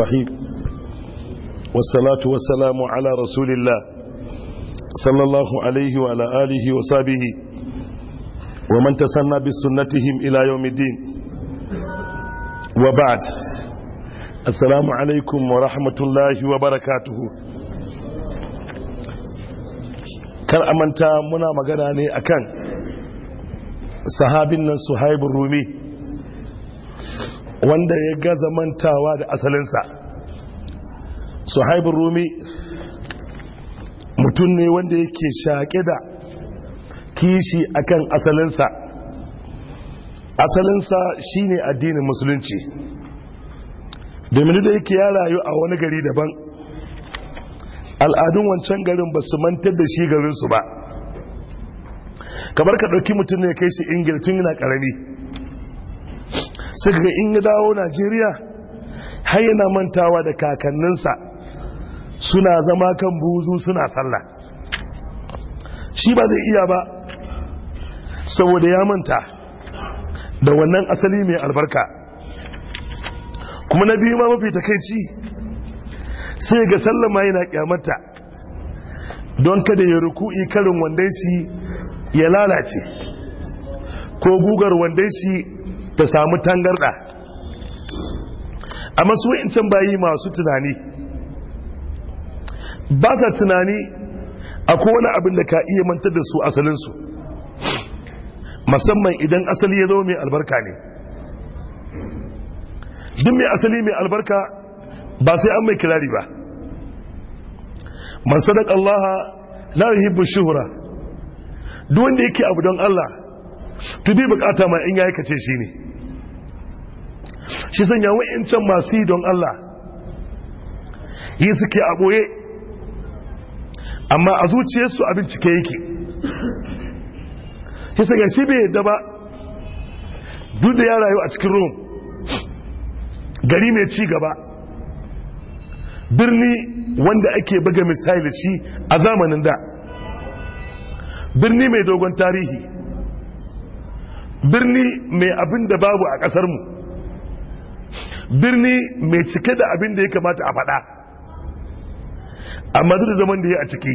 الرحيم والصلاة والسلام على رسول الله صلى الله عليه وعلى آله وصحبه ومن تسنى بسنتهم إلى يوم الدين وبعد السلام عليكم ورحمة الله وبركاته kar amanta muna magana ne akan sahabin nan suhaibun rumi wanda ya gaza mantawa da asalinsa haibin rumi mutum ne wanda yake shaƙe da kishi akan asalinsa asalinsa shine addinin musulunci domin da yake ya rayu a wani gari daban al'adun wancan garin ba su mantar da shi garinsu ba kamar ka ɗauki mutum ne kai shi ingil tun yana ƙarami suka in ya dawo najeriya har yana mantawa da kakanninsa suna zama kan buzu suna sallah shi ba zai iya ba saboda ya manta da wannan asali mai albarka kuma na biyu ma mafi takaici sai ga sallama yana kyamata don kada ya ruku'i karin wanda shi ya lalace ko gugar wanda shi ta samu tangarda amma su wa'incan bayi masu tunani ba sa tunani a kowane abin da ka iya mantar da su asalinsu musamman idan asali ya zama mai albarka ne duk mai asali mai albarka ba sai an mai kirari ba man sadaka allaha la yuhibbu shuhura duk wanda yake abu don Allah to bi bukata ma in yayi kace shi ne shi sanya wa'incan masu yi don Allah yi suke a boye amma a zuciyarsu abin cike yake shi sanya shi bai yadda ba duk da ya rayu a cikin room gari mai ci gaba birni wanda ake baga misali shi a zamanin da birni mai dogon tarihi birni mai abin da babu a ƙasarmu birni mai cike da abin da ya kamata a faɗa amma da zaman da ya a ciki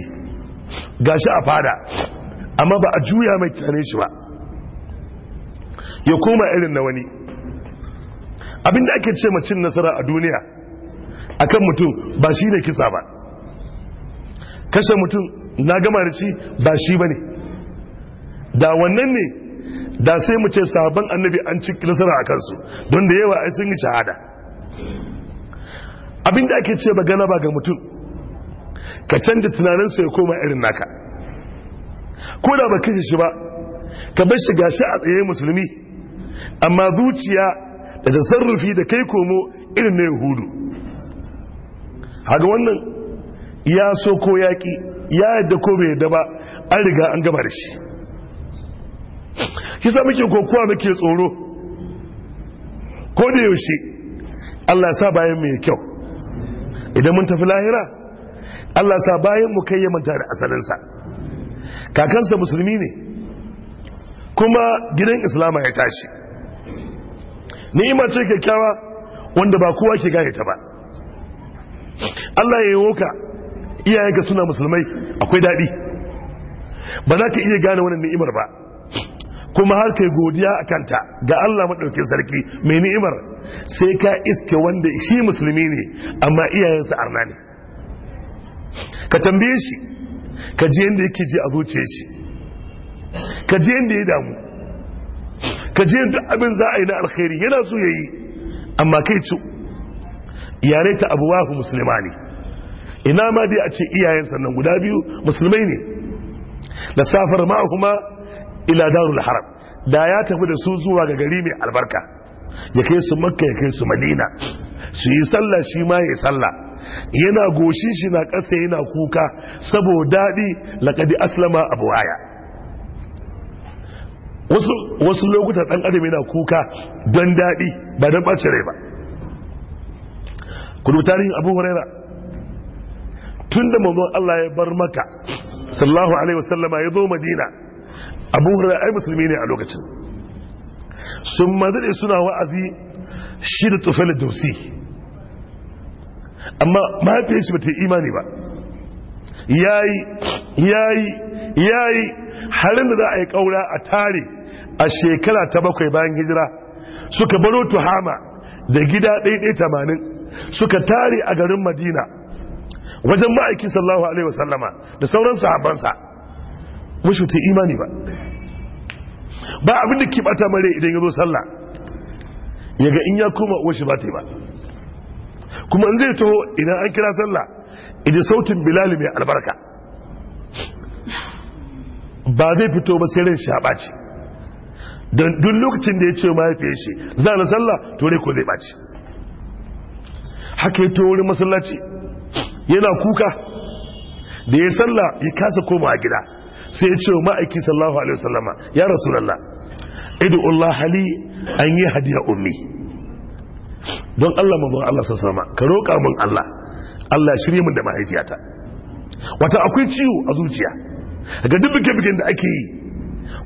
ga shi a fada amma ba a juya mai kyane shi ba ya koma irin na wani abin da ake ce macin nasara a duniya akan mutum ba shi ne kisa ba kashe mutum na gama da shi ba shi ba ne da wannan ne da sai mu ce sabon annabi an ci nasara a kansu don da yawa ai sun yi shahada abinda ake ce ba gana ba ga mutum ka canja tunaninsa ya koma irin naka ko da ba kashe shi ba ka bar shi gashi a tsaye musulmi amma zuciya da tasarrufi da kai komo irin na yahudu haka wannan ya so ko yaƙi ya yadda ko bai yadda ba an riga an gaba da shi Kisa muke kokowa muke tsoro ko da yaushe Allah sa bayan ya kyau idan mun tafi lahira Allah sa bayan mu kai manta da asalinsa kakansa musulmi ne kuma gidan islama ya tashi ni'ima ce kyakkyawa wanda ba kowa ke gane ta ba Allah ya yi ka iyayenka suna musulmai akwai daɗi ba za ka iya gane wannan ni'imar ba kuma har kai godiya a kanta ga Allah maɗaukin sarki mai ni'imar sai ka iske wanda shi musulmi ne amma iyayensa arna ne ka tambaye shi ka ji yadda yake ji a zuciyar shi ka ji yadda ya damu ka ji yadda abin za a yi na alkhairi yana so ya yi amma kai ci yare ta abuwahu musulma ina ma dai a ce iyayen sannan guda biyu musulmai ne da safar kuma. ila darul haram da ya tafi da su zuwa ga gari mai albarka ya kai su makka ya kai su madina su yi sallah shi ma ya yi sallah yana goshin shi na ƙasa yana kuka saboda daɗi laƙadi aslama abu waya wasu lokuta ɗan adam yana kuka don daɗi ba don ɓace rai ba kudu tarihin abu huraira tun da manzon Allah ya bar maka sallallahu alaihi wasallama ya zo madina abu hurra ai musulmi ne a lokacin sun mazade suna wa'azi shi da tufel dausi amma mahaifiyar shi bata yi imani ba yayi yayi yayi harin da za a yi kaura a tare a shekara ta bakwai bayan hijira suka baro tuhama da gida ɗaiɗai tamanin suka tare a garin madina wajen ma'aikin sallahu alaihi wasallama da sauran sahabansa mushi ta imani ba ba abin da ke bata mare idan ya zo sallah ya ga in ya koma uwa shi ba ta yi ba kuma in zai taho idan an kira sallah idan sautin bilal mai albarka ba zai fito ba sai ran shaɓa ce don duk lokacin da ya ce mahaifiyar shi za na sallah to ne ko zai ɓaci haka ya to wurin masallaci yana kuka da ya sallah ya kasa koma gida sai ya ce wa ma'aiki sallallahu alaihi wasallama ya rasulullah idu Allah hali an yi hadiya ummi don Allah manzon Allah sassama ka roƙa min Allah Allah shirye min da mahaifiyata wata akwai ciwo a zuciya ga duk bike bikin da ake yi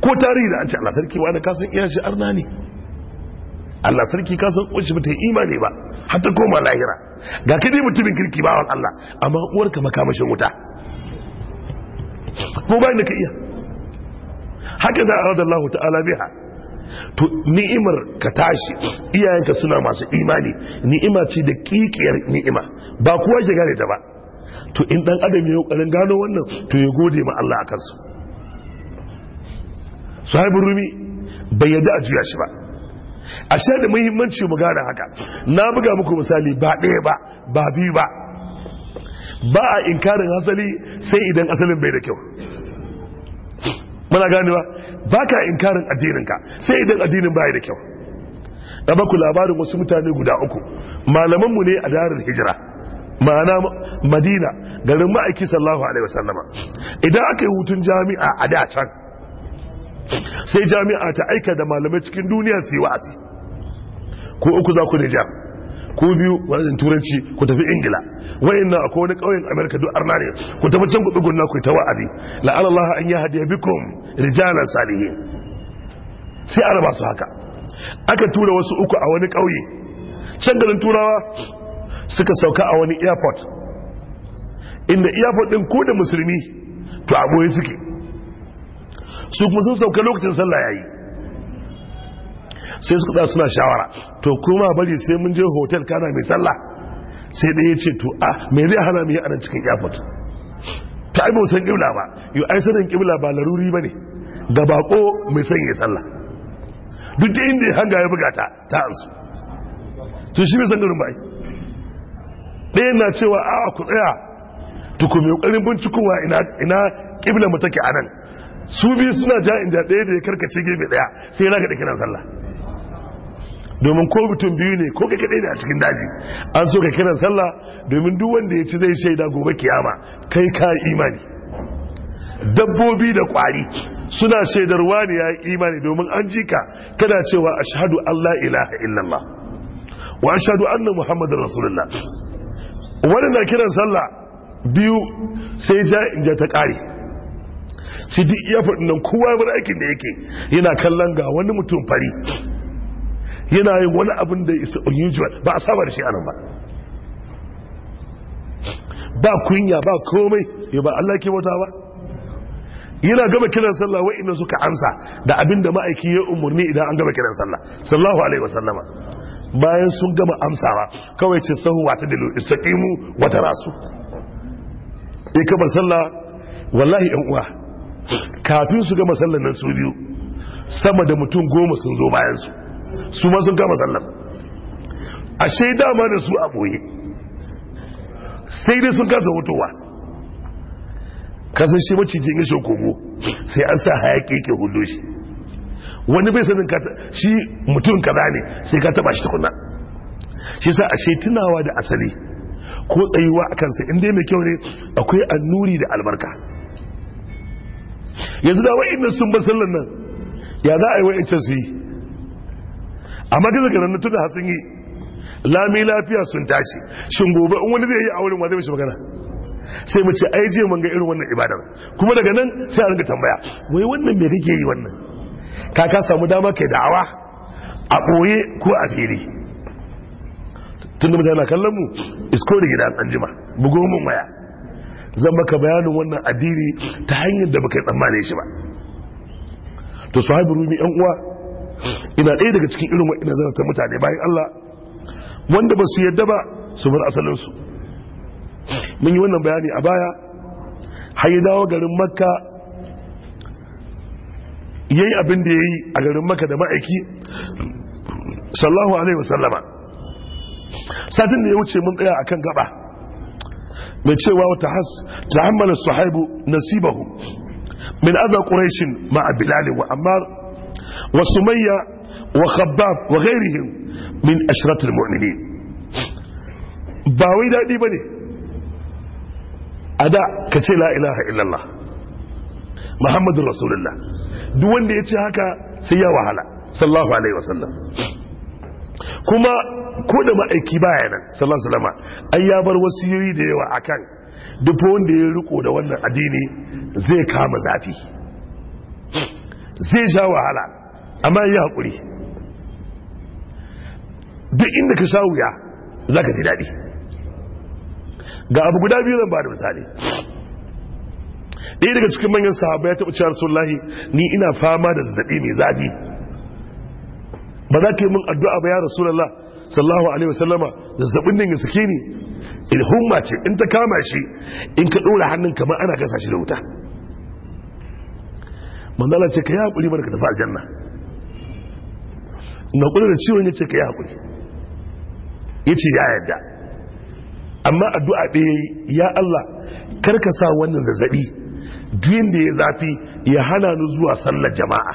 ko tarihi da an ce Allah sarki wani kasan iya shi arna ne Allah sarki ka san kunshi mutum imani ba hatta koma lahira ga ka dai mutumin kirki bawan Allah amma uwarka makamashin wuta ko ba inda ka iya haka da a Allah ta'ala biha to ni'imar ka tashi iyayenka suna masu imani ni'ima ce da kikiyar ni'ima ba kowa ya gane ta ba to in dan adam ya kokarin gano wannan to ya gode ma Allah akan su sahibi rumi bai yadda a juya shi ba a sha da muhimmanci mu gane haka na buga muku misali ba ɗaya ba ba biyu ba ba a inkarin hasali sai idan asalin bai da kyau Muna ganewa ba ka inkarin addininka sai idan addinin bai da kyau da baku labarin wasu mutane guda uku malamanmu ne a darin hijira ma'ana madina garin ma'aiki sallahu alaihi wasallama idan aka yi hutun jami'a a da can sai jami'a ta aika da malamai cikin duniya su yi wa'azi ko uku za ku jami'a Ko biyu wajen turanci ku tafi ingila wani na akwai wani ƙauyen amerika duk arna ne ku tafi can ku tsugunna ku ta wa'adi la'alallah an yi hadiya bikum rijalar salihi sai ana masu su haka aka tura wasu uku a wani ƙauye can garin turawa suka sauka a wani airport inda airport din ko da musulmi to aboye suke su kuma sun sauka lokacin sallah ya yi. sai suka kuɗa suna shawara to kuma bari sai mun je hotel kana mai sallah sai ɗaya ce to a me zai hana mai yi cikin airport ta ai san kibla ba yau ai sanin kibla ba laruri ba ne ga bako mai son ya sallah duk da inda ya hanga ya buga ta ta ansu to shi mai san garin bai ɗaya na cewa a ku tsaya tuku mai ƙarin bincikowa ina kibla mu take nan? su biyu suna ja inda ɗaya da ya karkace gefe ɗaya sai ya ga da kiran sallah domin ko mutum biyu ne ko kai kadai ne a cikin daji an so ka kiran sallah domin duk wanda ya ci zai shaida gobe kiyama kai ka imani dabbobi da kwari suna shaidarwa wani ya imani domin an ji ka kana cewa ashhadu allah ilaha illallah wa ashhadu anna muhammadar rasulullah wannan na kiran sallah biyu sai ja inja ta kare sai duk iya faɗin nan kowa bar aikin da yake yana kallon ga wani mutum fari yana yin wani abin da is unusual ba a saba da shi anan ba ba kunya ba komai ya ba Allah ke wata ba yana gaba kiran sallah inna suka amsa da abin da ma'aiki ya umurni idan an gaba kiran sallah sallahu alaihi wasallama bayan sun gama amsawa kawai ce sahu wata dilu istaqimu wata rasu eh kaba sallah wallahi yan uwa kafin su gama sallar nan su biyu sama da mutum goma sun zo bayan su su ma sun kama sallar a dama da su a ɓoye sai dai sun kasa hotowa kasan shi macijin ya shokogo sai an sa haya ke hudu shi wani bai sanin shi mutum kaza ne sai ka taba shi tukuna shi sa ashe tunawa da asali ko tsayuwa a kansa inda mai kyau ne akwai annuri da albarka yanzu da wa'in sun bar sallan nan ya za a yi wa'in su yi amma duka ganin tun da hatsin yi lami lafiya sun tashi shin gobe in wani zai yi auren wa zai mishi magana sai mu ce ai je mun ga irin wannan ibadar kuma daga nan sai an ringa tambaya wai wannan me kake yi wannan ka ka samu dama kai da'awa a boye ko a fili tunda mutane na kallon mu isko da gidan anjima bugo mun waya zan maka bayanin wannan addini ta hanyar da baka tsammane shi ba to sahibi rumi yan uwa ina ɗaya daga cikin irin wa'ina ta mutane bayan Allah wanda ba su yadda ba su bar asalinsu mun yi wannan bayani a baya har dawo garin makka ya yi abin da ya yi a garin makka da ma'aiki sallahu alaihi wasallama satin da ya wuce mun tsaya akan gaba mai cewa wata has ta hammala haibu nasibahu min aza quraishin ma'abilalin bilal وسمية وخباب وغيرهم من أشرة المؤمنين باوي دادي بني أدا كتي لا إله إلا الله محمد رسول الله دون دي هكا سيا wahala صلى الله عليه وسلم kuma ko da ma'aiki bayanan nan sallallahu alaihi wasallam ai ya bar wasiyoyi da yawa akan duk wanda ya riko da wannan addini zai kama zafi zai sha wahala amma yi haƙuri duk inda ka sha wuya za ka ji daɗi ga abu guda biyu zan ba da misali ɗaya daga cikin manyan sahaba ya taɓa cewa rasulullahi ni ina fama da zazzaɓi mai zafi ba za ka yi min addu'a ba ya rasulallah sallahu alaihi wasallama zazzaɓin nan ya sake ni in humma ce in ta kama shi in ka ɗora hannun kamar ana gasa shi da wuta manzala ce ka yi haƙuri mana ka tafi aljanna na kula da ciwon ya ce ka yi haƙuri ya ce ya yarda amma addu'a ɗaya ya Allah karka sa wannan zazzabi duyin da ya zafi ya hana ni zuwa sallar jama'a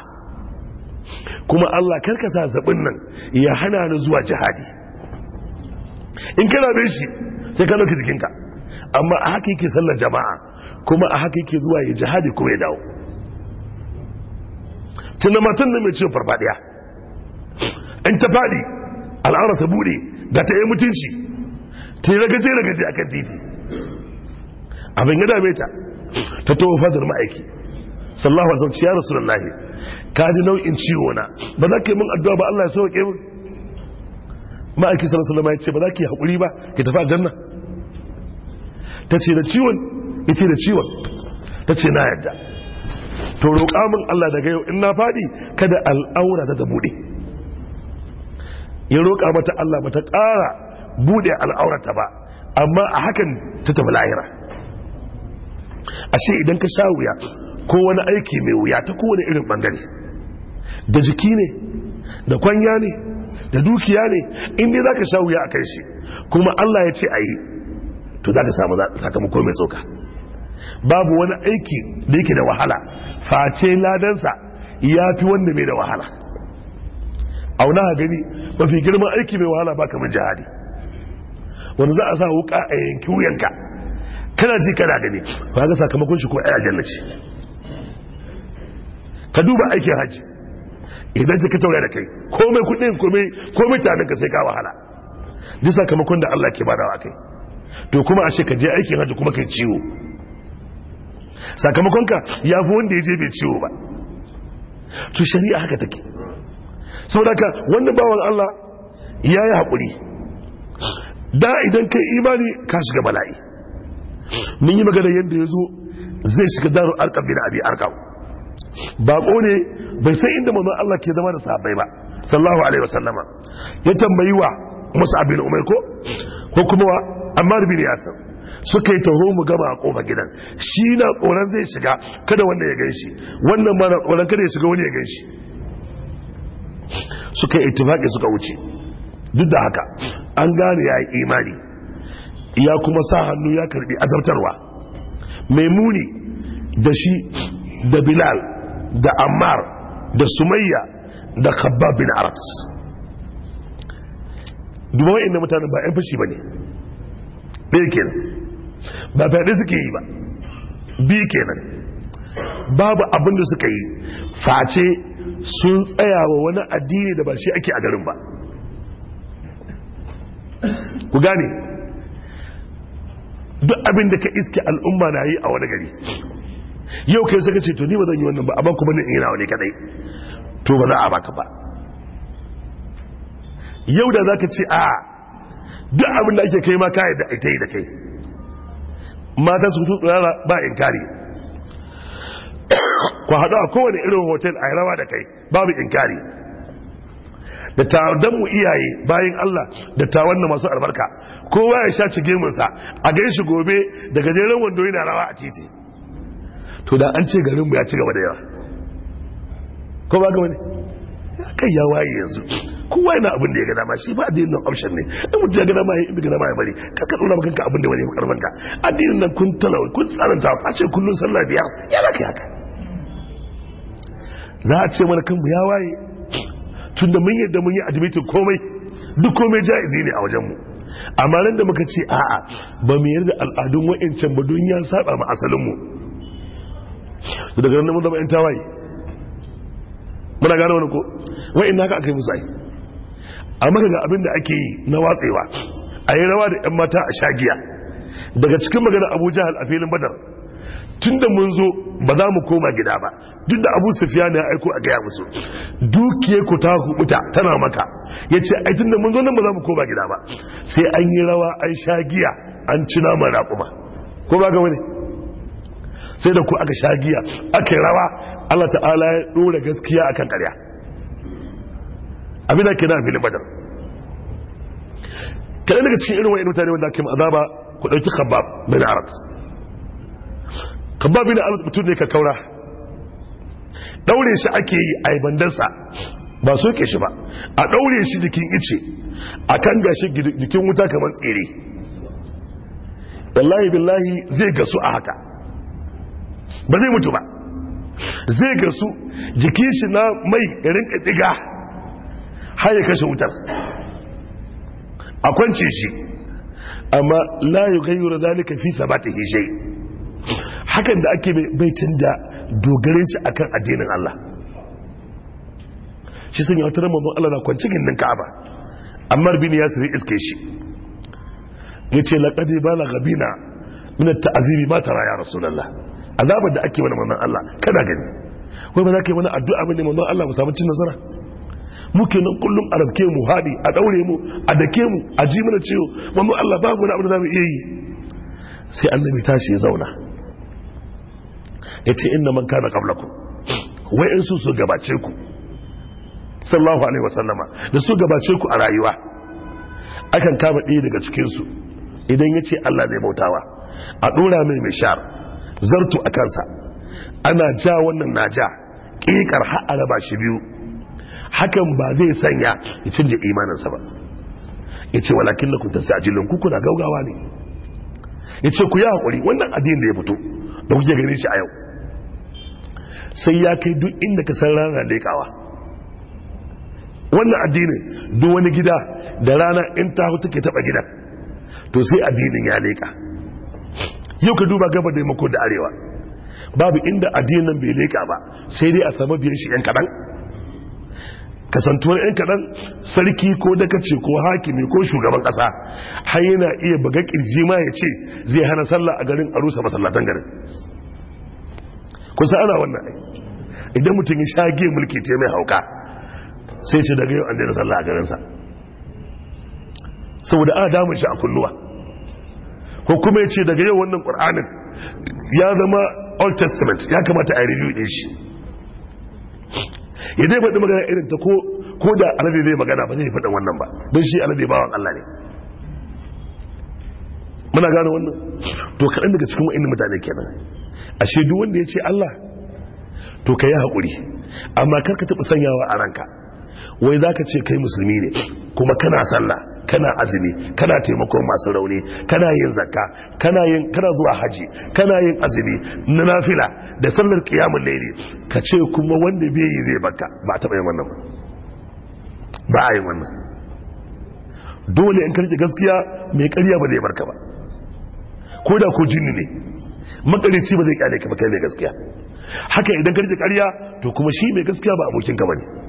kuma Allah karka sa zaɓin nan ya hana ni zuwa jihadi in kana bin shi sai ka ki jikinka amma a haka yake sallar jama'a kuma a haka yake zuwa ya jihadi kuma ya dawo tunamatan da mai ciwon farfadiya in ta faɗi al'aura ta bude ga ta yi mutunci ta yi ragaje ragaje a kan titi abin ya dame ta ta towa fadar ma'aiki sallahu alaihi wasallam ya rasulullahi ka ji nau'in ciwo na ba za ka yi mun addu'a ba Allah ya sauke mun ma'aiki sallallahu alaihi wasallam ya ce ba za ki haƙuri ba ki tafi aljanna ta ce da ciwon ita da ciwon ta ce na yadda to roƙa mun Allah daga yau in na faɗi kada al'aura ta ta buɗe ya roƙa mata Allah ba ta ƙara buɗe al'aurata ba amma a hakan ta tafi lahira ashe idan ka sha wuya ko wani aiki mai wuya ta kowane irin bangare da jiki ne da kwanya ne da dukiya ne inda za ka sha wuya a kai shi kuma Allah ya ce a yi to za ka samu sakamako mai tsoka babu wani aiki da yake da wahala face ladansa ya fi wanda mai da wahala auna ha gani mafi girman aiki mai wahala ba kamar jihadi wanda za a sa wuka a yanki wuyanka kana ji kana gani ba ga sakamakon shi ko a yajen ce ka duba aikin haji idan ka taura da kai komai kudin komai tanin ka sai ka wahala duk sakamakon da Allah ke badawa kai to kuma a ka je aikin haji kuma kai ciwo sakamakonka ya fi wanda ya je bai ciwo ba to shari'a haka take saboda wanda bawan Allah ya yi haƙuri da idan kai imani ka shiga bala'i mun yi magana yadda ya zo zai shiga darun arkam bin abi arkam bako ne bai san inda mazan Allah ke zama da sabai ba sallahu alaihi wasallama ya tambayi wa masu abin umar ko ko kuma wa ammar bin yasir suka yi taho mu gama a kofa gidan shi na tsoron zai shiga kada wanda ya gan shi wannan ma na tsoron kada ya shiga wani ya gan shi suka yi ittifaki suka wuce duk da haka an gane ya yi imani ya kuma sa hannu ya karbi azabtarwa maimuni da shi da bilal da ammar da sumayya da khabbab bin aras duba inda mutanen ba 'yan fashi ba ne ɗaya kenan ba fyaɗe suke yi ba biyu kenan babu abin da suka yi face sun tsaya wa wani addini da ba shi ake a garin ba ku gane duk abin da ka iske al'umma na yi a wani gari yau kai suka ce to ni ba zan yi wannan ba a ban kuma ni in wani kadai to ba za a baka ba yau da za ka ce a duk abin da ake kai ma kayan ita yi da kai mata su hutu tsirara ba in kare ku haɗu a kowane irin hotel a rawa da kai babu inkari da taron mu iyaye bayan Allah da na masu albarka kowa ya sha cige sa a gan shi gobe da gajeren wando yana rawa a titi to da an ce garin mu ya ci gaba da yawa ko ba ga wani kai ya waye yanzu kowa yana abin da ya ga dama shi ba addinin nan option ne in mutum ya ga dama ya ga dama ya bari ka ka dora abin da wani ya karban ka addinin nan kun talawar kun tsananta a ce kullum sallah biyar ya za ka yi haka za a ce mana kanmu ya waye tun da mun yadda mun yi admitin komai duk komai ja'izi ne a wajenmu amma nan da muka ce a'a ba mu yarda al'adun wa'ancan ba don ya saba mu asalinmu daga nan mun zama 'yan tawaye muna gane wani ko wa'in haka aka yi musu ai a maka ga abin da ake yi na watsewa a yi rawa da 'yan mata a shagiya daga cikin magana abu jihar a filin badar tun da mun zo ba za mu koma gida ba duk da abu sufiya ne aiko a gaya musu dukiye ku ta hukuta tana maka ya ce ai tun da mun zo nan ba za mu koma gida ba sai an yi rawa an shagiya an ci naman raƙuma ko ba ga wani sai da ku aka shagiya aka yi rawa Allah ta'ala ya ɗora gaskiya akan ƙarya abin da ke na filin badar kaɗai daga cikin irin wa'in mutane wanda ake azaba ku ɗauki khabbab bin arab khabbab bin arab mutum ne ka kaura ɗaure shi ake yi a bandansa ba rike shi ba a ɗaure shi jikin ice a kan gashi jikin wuta kamar tsere wallahi billahi zai gasu a haka ba zai mutu ba zai gasu jikin shi na mai rinka diga har ya kashe wutar a kwance shi amma la yi gayyura zalika fi sabata shai hakan da ake bai canza dogare shi akan addinin Allah shi sun yawata mazan Allah na kwanci gindin ka'aba amma bin ya siri iske shi ya ce laƙadi ba na gabina minar ta'aziri ba tara ya rasulallah azabar da ake wani mazan Allah kana gani wai ba za ka yi wani addu'a bane mazan Allah ku samu cin nasara muke nan kullum a rabke mu haɗi a ɗaure mu a dake mu a ji mana ciwo mamu Allah babu wani abu da za mu iya yi sai annabi tashi ya zauna ya ce inna man kana qablakum wai in su su gabace ku sallallahu alaihi wasallama da su gabace ku a rayuwa akan kama ɗaya daga cikin su idan ya ce Allah zai bautawa a ɗora mai mai shar zartu a kansa ana ja wannan na ja ƙiƙar har a shi biyu hakan ba zai sanya ya canja imaninsa ba ya ce walakin na kuntar sajilin ku,ku na gaugawa ne ya ce ku yi haƙuri wannan adin da ya fito da kuke gani shi a yau sai ya kai duk inda ka san rana da ya kawa wannan adinin duk wani gida da rana in ta hutu take taɓa gidan to sai adinin ya leka. yau ka duba gaba da mako da arewa babu inda adinin bai leka ba sai dai a samu biyan shi 'yan kaɗan kasantuwar yan kaɗan sarki ko dakace ko hakimi ko shugaban ƙasa har yana iya buga ƙirji ma ya ce zai hana sallah a garin a rusa masallatan garin kusa ana wannan idan mutum ya shage mulki ta mai hauka sai ce daga yau an daina sallah a garinsa saboda ana damun shi a kulluwa ko kuma ya ce daga yau wannan ƙur'anin ya zama old testament ya kamata a yi shi ya zai faɗi magana irin ta ko da alade zai magana ba zai faɗin wannan ba don shi alade wa Allah ne muna gane wannan to kaɗan daga cikin wa'in mutane kenan a duk wanda ya ce Allah to ka yi haƙuri amma kar ka taɓa sanyawa a ranka wai za ka ce kai musulmi ne kuma kana sallah kana azumi kana taimakon masu rauni kana yin zakka kana yin kana zuwa haji kana yin azumi na nafila da sallar qiyamul laili ka ce kuma wanda bai yi zai baka ba ta yin wannan ba a yin wannan dole in karki gaskiya mai ƙarya ba zai barka ba ko da ko jinni ne makarici ba zai kyale ka ba kai mai gaskiya haka idan karki ƙarya to kuma shi mai gaskiya ba abokin ka bane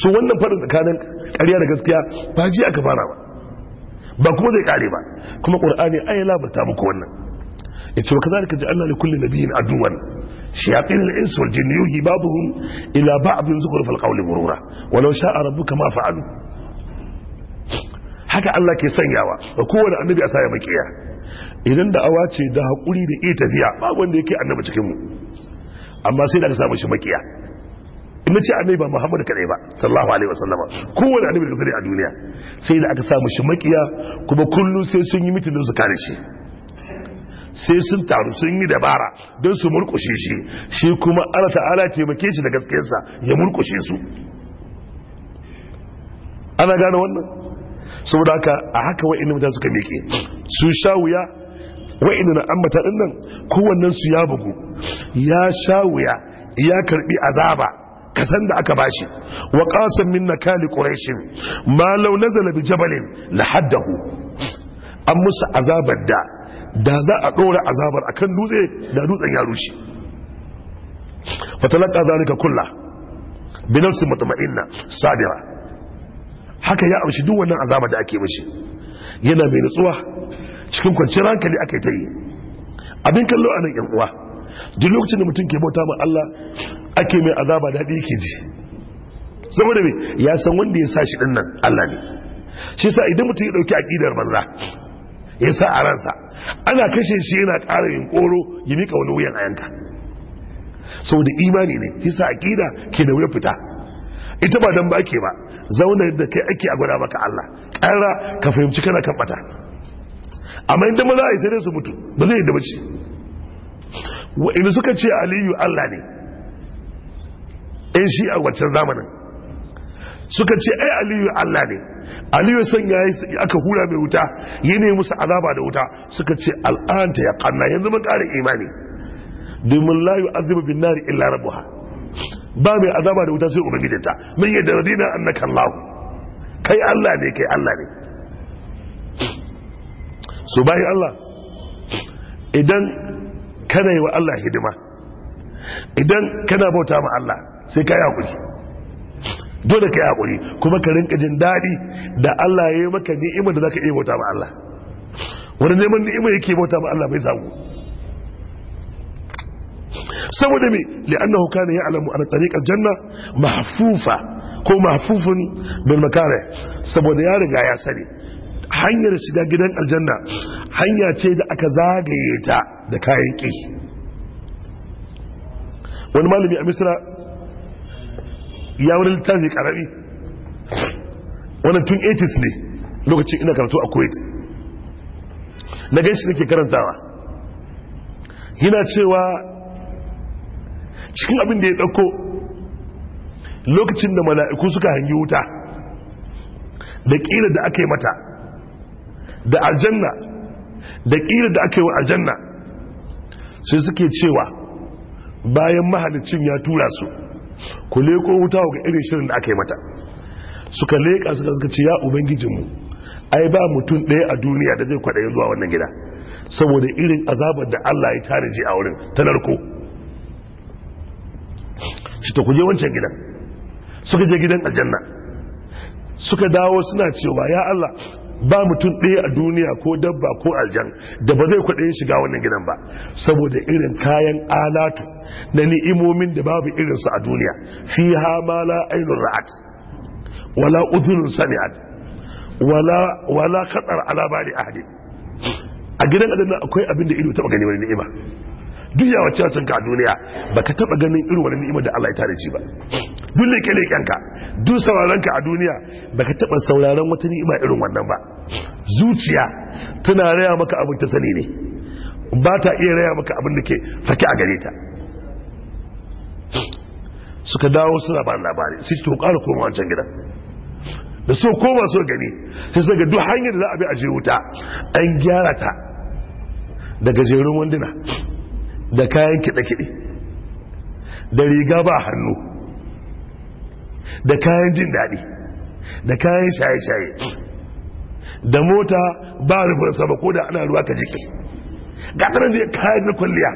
su wannan farin tsakanin ƙarya da gaskiya ba ji aka fara ba ba kuma zai kare ba kuma Ƙur'ani ai labarta muku wannan ce yace wa kazalika ja'alna li kulli biyun aduwan shayatin al-ins wal jinn yuhi hun ila ba ba'd zukhruf al-qawli ghurura walau a rabu kama fa'alu haka Allah ke sanyawa ba kowane annabi a saya makiya idan da awa ce da haƙuri da iya tafiya ba wanda yake annabi cikinmu. amma sai da ka samu shi makiya na ce annabi ba muhammadu kadai ba sallallahu alaihi wasallama kowane annabi da sani a duniya sai da aka samu shi makiya kuma kullum sai sun yi mitin su kare shi sai sun taru sun yi dabara don su murkushe shi shi kuma Allah ta'ala taimake shi da gaskiyarsa ya murkushe su ana gane wannan saboda haka a haka wa'in mutane suka miƙe su sha wuya wa'in na ambata ɗin nan kowannen su ya bugu ya sha wuya ya karɓi azaba kasan da aka bashi wa qasim min nakali quraish ma law nazala bi jabalin la haddahu an musa azabar da da za a dora azabar akan dutse da dutsen ya rushe fatalaka zalika kulla bi nafsi mutma'inna sabira haka ya aushi duk wannan azaba da ake mishi yana mai nutsuwa cikin kwanciyar hankali aka yi ta abin kallo a yan uwa duk lokacin da mutum ke bauta ma Allah ake mai azaba daɗi yake ji saboda mai ya san wanda ya sa shi ɗin nan Allah ne shi sa idan mutum ya ɗauki aƙidar banza ya sa a ransa ana kashe shi yana ƙara yin ƙoro ya miƙa wani wuyan ayanka da imani ne shi sa aƙida ke da wuyan fita ita ba dan ba ake ba zauna da kai ake a gwada maka Allah ƙara ka fahimci kana kan ɓata amma inda maza a yi sai su mutu ba zai yi da bace wa'inda suka ce aliyu Allah ne in shi a waccan zamanin suka ce ai aliyu allah ne aliyu sanya aka hura mai wuta ya ne musu azaba da wuta suka ce al'anta ya kanna yanzu mun ƙarin imani domin layu azaba bin nari illa rabuwa. ba mai azaba da wuta sai ubangijinta mai yadda radina annaka allah kai allah ne kai allah ne su bayi allah idan kana yi wa allah hidima idan kana bauta ma allah sai ka yi haƙuri dole ka yi haƙuri kuma ka rinka jin daɗi da Allah ya yi maka ni'imar da za ka iya bauta ma Allah wani neman ni'imar yake bauta ma Allah bai samu saboda me li'annahu ya alamu anna tariqal janna mahfufa ko mahfufun bil makare saboda ya riga ya sani hanyar shiga gidan aljanna hanya ce da aka zagaye ta da kayan ki wani malami a misra ya wani littafi karami wannan tun 80s ne lokacin ina karatu a kuwait na gaishe ke karantawa yana cewa cikin abin da ya ɗauko lokacin da mala'iku suka hangi wuta da ƙira da aka yi mata da aljanna da ƙira da aka yi wa aljanna sai suke cewa bayan mahalicin ya tura su ku leko wuta ga irin shirin da aka yi mata suka leka suka suka ce ya ubangijinmu ai ba mutum ɗaya a duniya da zai kwaɗayin zuwa wannan gida saboda irin azabar da Allah ya tanaji a wurin ta narko shi ta kuje wancan gidan suka je gidan aljanna suka dawo suna cewa ya Allah ba mutum ɗaya a duniya ko dabba ko aljan da ba zai kwaɗayin shiga wannan gidan ba saboda irin kayan alatu na ni'imomin da babu irinsu a duniya fi ha ma la ainun ra'at wala udhunun sami'at wala wala khatar ala bali ahadi a gidan adana akwai abin da ido ta gani wani ni'ima duk yawa cin ka a duniya baka taba ganin irin wani ni'ima da Allah ya tare shi ba duk leke leken ka duk sauraron ka a duniya baka taba sauraron wata ni'ima irin wannan ba zuciya tana raya maka abin ta sani ne ba ta iya raya maka abin da ke fake a gare ta suka dawo suna ba labari sai to ƙara koma wancan gidan da so koma so gani sai suka duk hanyar da za a bi a je wuta an gyara ta da gajerun wanduna da kayan kiɗe-kiɗe da riga ba hannu da kayan jin daɗi da kayan shaye-shaye da mota ba rufin sabako ko da ana ruwa ka jiki ga ɗanar da kayan na kwalliya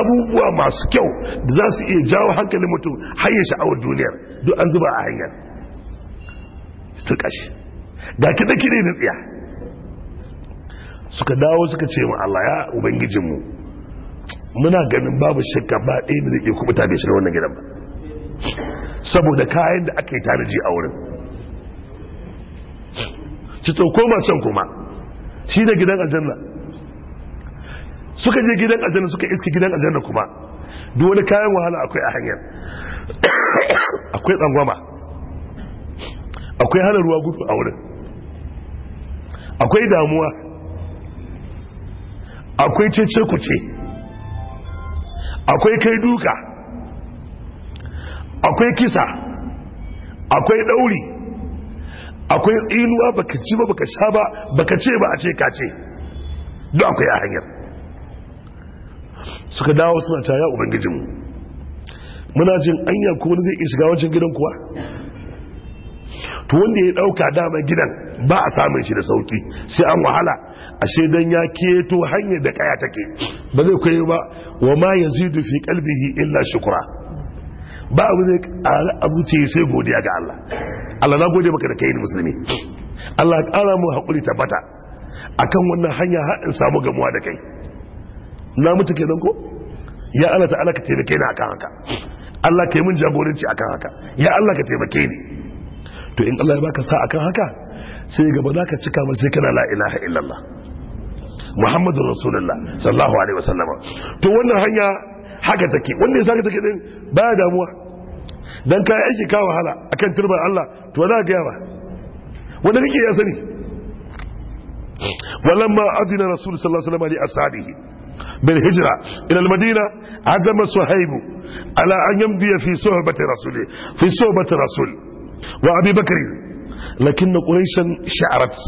abubuwa masu kyau da za su iya jawo hankalin mutum har sha'awar duniyar duk an zuba a hanyar su kashi ga kiɗa kiɗe na tsiya suka dawo suka ce mu Allah ya ubangijinmu muna ganin babu shakka ba ɗaya da zai kuma ta bai shiga wannan gidan ba saboda kayan da aka yi ji a wurin ci to koma can kuma shi da gidan aljanna suka je gidan aljanna suka iske gidan aljanna kuma duk wani kayan wahala akwai a hanyar akwai tsangwama akwai hana ruwa gudu a wurin akwai damuwa akwai cece kuce akwai kai duka akwai kisa akwai ɗauri akwai inuwa baka ci ba baka sha ba baka ce ba a ce ka ce duk akwai a hanyar suka dawo suna ta ya ubangijinmu muna jin anya ko wani zai iya shiga wancan gidan kuwa to wanda ya dauka dama gidan ba a samun shi da sauki sai an wahala ashe dan ya keto hanyar da kaya take ba zai kwaye ba wa ma yazidu fi kalbihi illa shukra ba abu zai ƙara sai godiya ga Allah Allah na gode maka da kai musulmi Allah ya ƙara mu haƙuri tabbata akan wannan hanya har in samu gamuwa da kai na mutu ke ko ya Allah ta'ala ka taimake ni akan haka Allah ka yi jagoranci akan haka ya Allah ka taimake ni to in Allah ya baka sa akan haka sai gaba za ka cika ba sai kana la ilaha illallah muhammadu rasulullah sallallahu alaihi wasallam to wannan hanya haka take wanda ya saka take din ya damuwa dan kai aiki ka wahala akan turban Allah to wala ga yawa wanda kake ya sani walamma azina rasul sallallahu alaihi wasallam li ashabihi بالهجرة إلى المدينة عزم صهيب على أن يمضي في صحبة رسول في صحبة رسول وأبي بكر لكن قريشا شعرت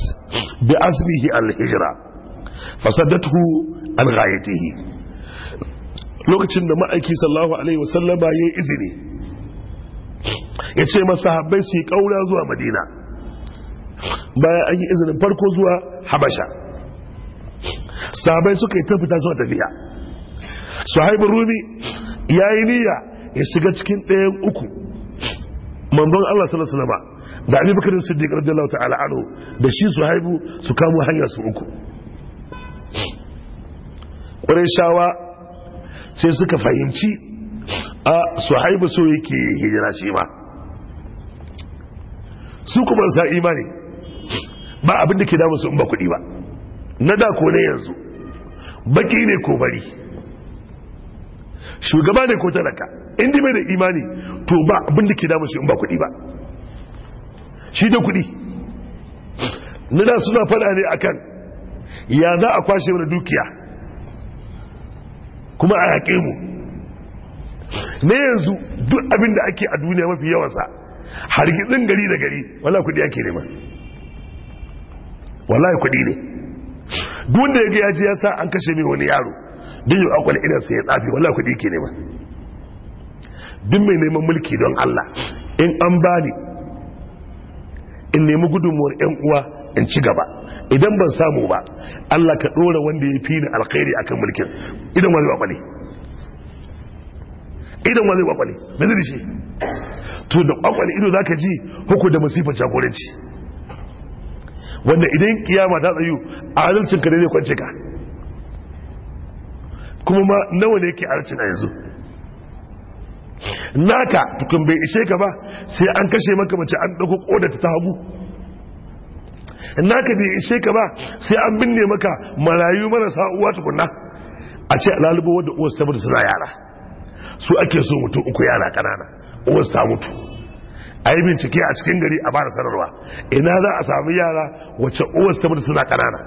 بأزمه الهجرة فسدته عن غايته لغت النماء صلى الله عليه وسلم يي إذني يتشي مصاحبين سيك أولا زوا مدينة باي أي إذن فرقوا زوا حبشا sabai suka yi ta fita zuwa tafiya haibin rumi ya yi niyya ya shiga cikin ɗayan uku mambon allah sallallahu alaihi da su siddiq da lauta al'adu da shi su haibu su kamo hanyar su uku shawa sai suka fahimci a su haibu so yake hijira shi ma su kuma sa imani ba abin da ke damu su in ba kuɗi ba na da ko na yanzu baki ne ko bari shugaba ne ko talaka inda mai da imani to ba abin da ke damu shi in ba kuɗi ba shi da kuɗi na da suna fada ne akan ya za a kwashe mana dukiya kuma a yaƙe mu na yanzu duk abinda ake a duniya mafi yawansa hargitsin gari da gari wala kuɗi ake nema wallahi kuɗi ne duk da ya ga ya ya sa an kashe mai wani yaro duk yau akwai irin sai ya tsafi wallahi kudi ke ba? duk mai neman mulki don Allah in an bani in nemi gudunmuwar yan uwa in ci gaba idan ban samu ba Allah ka dora wanda ya fi ni alkhairi akan mulkin idan wani wakwale idan wani wakwale na zai shi to da kwakwale ido zaka ji hukun da masifar jagoranci wanda idan kiyama ta tsayu a adalcin ka ne zai kwance ka kuma ma nawa ne yake adalcin a yanzu naka tukun bai ishe ka ba sai an kashe maka mace an ɗauko ƙoda ta hagu naka bai ishe ka ba sai an binne maka marayu marasa uwa tukunna a ce lalubo wadda uwarsu ta mutu suna yara su ake so mutum uku yara ƙanana su ta mutu a yi bincike a cikin gari a bada sanarwa ina za a samu yara wacce uwarsu ta mutu suna kanana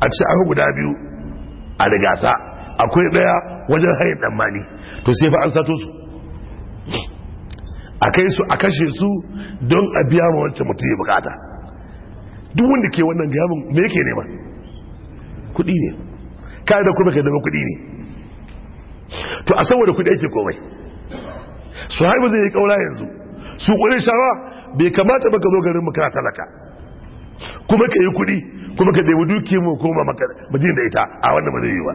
a ci aka guda biyu a da gasa. akwai daya wajen hayin ɗanmani to sai fa an sato su a kai su a kashe su don a biya ma wancan mutum ya bukata duk wanda ke wannan gamin me yake nema kuɗi ne kayan da kuma ka zama kuɗi ne to a saboda kuɗi ake komai su haibu zai yi kaura yanzu su kudin shawa bai kamata ba ka zo garin makara talaka kuma ka yi kudi kuma ka daibu duki mu koma majin da ita a wanda ba zai yi ba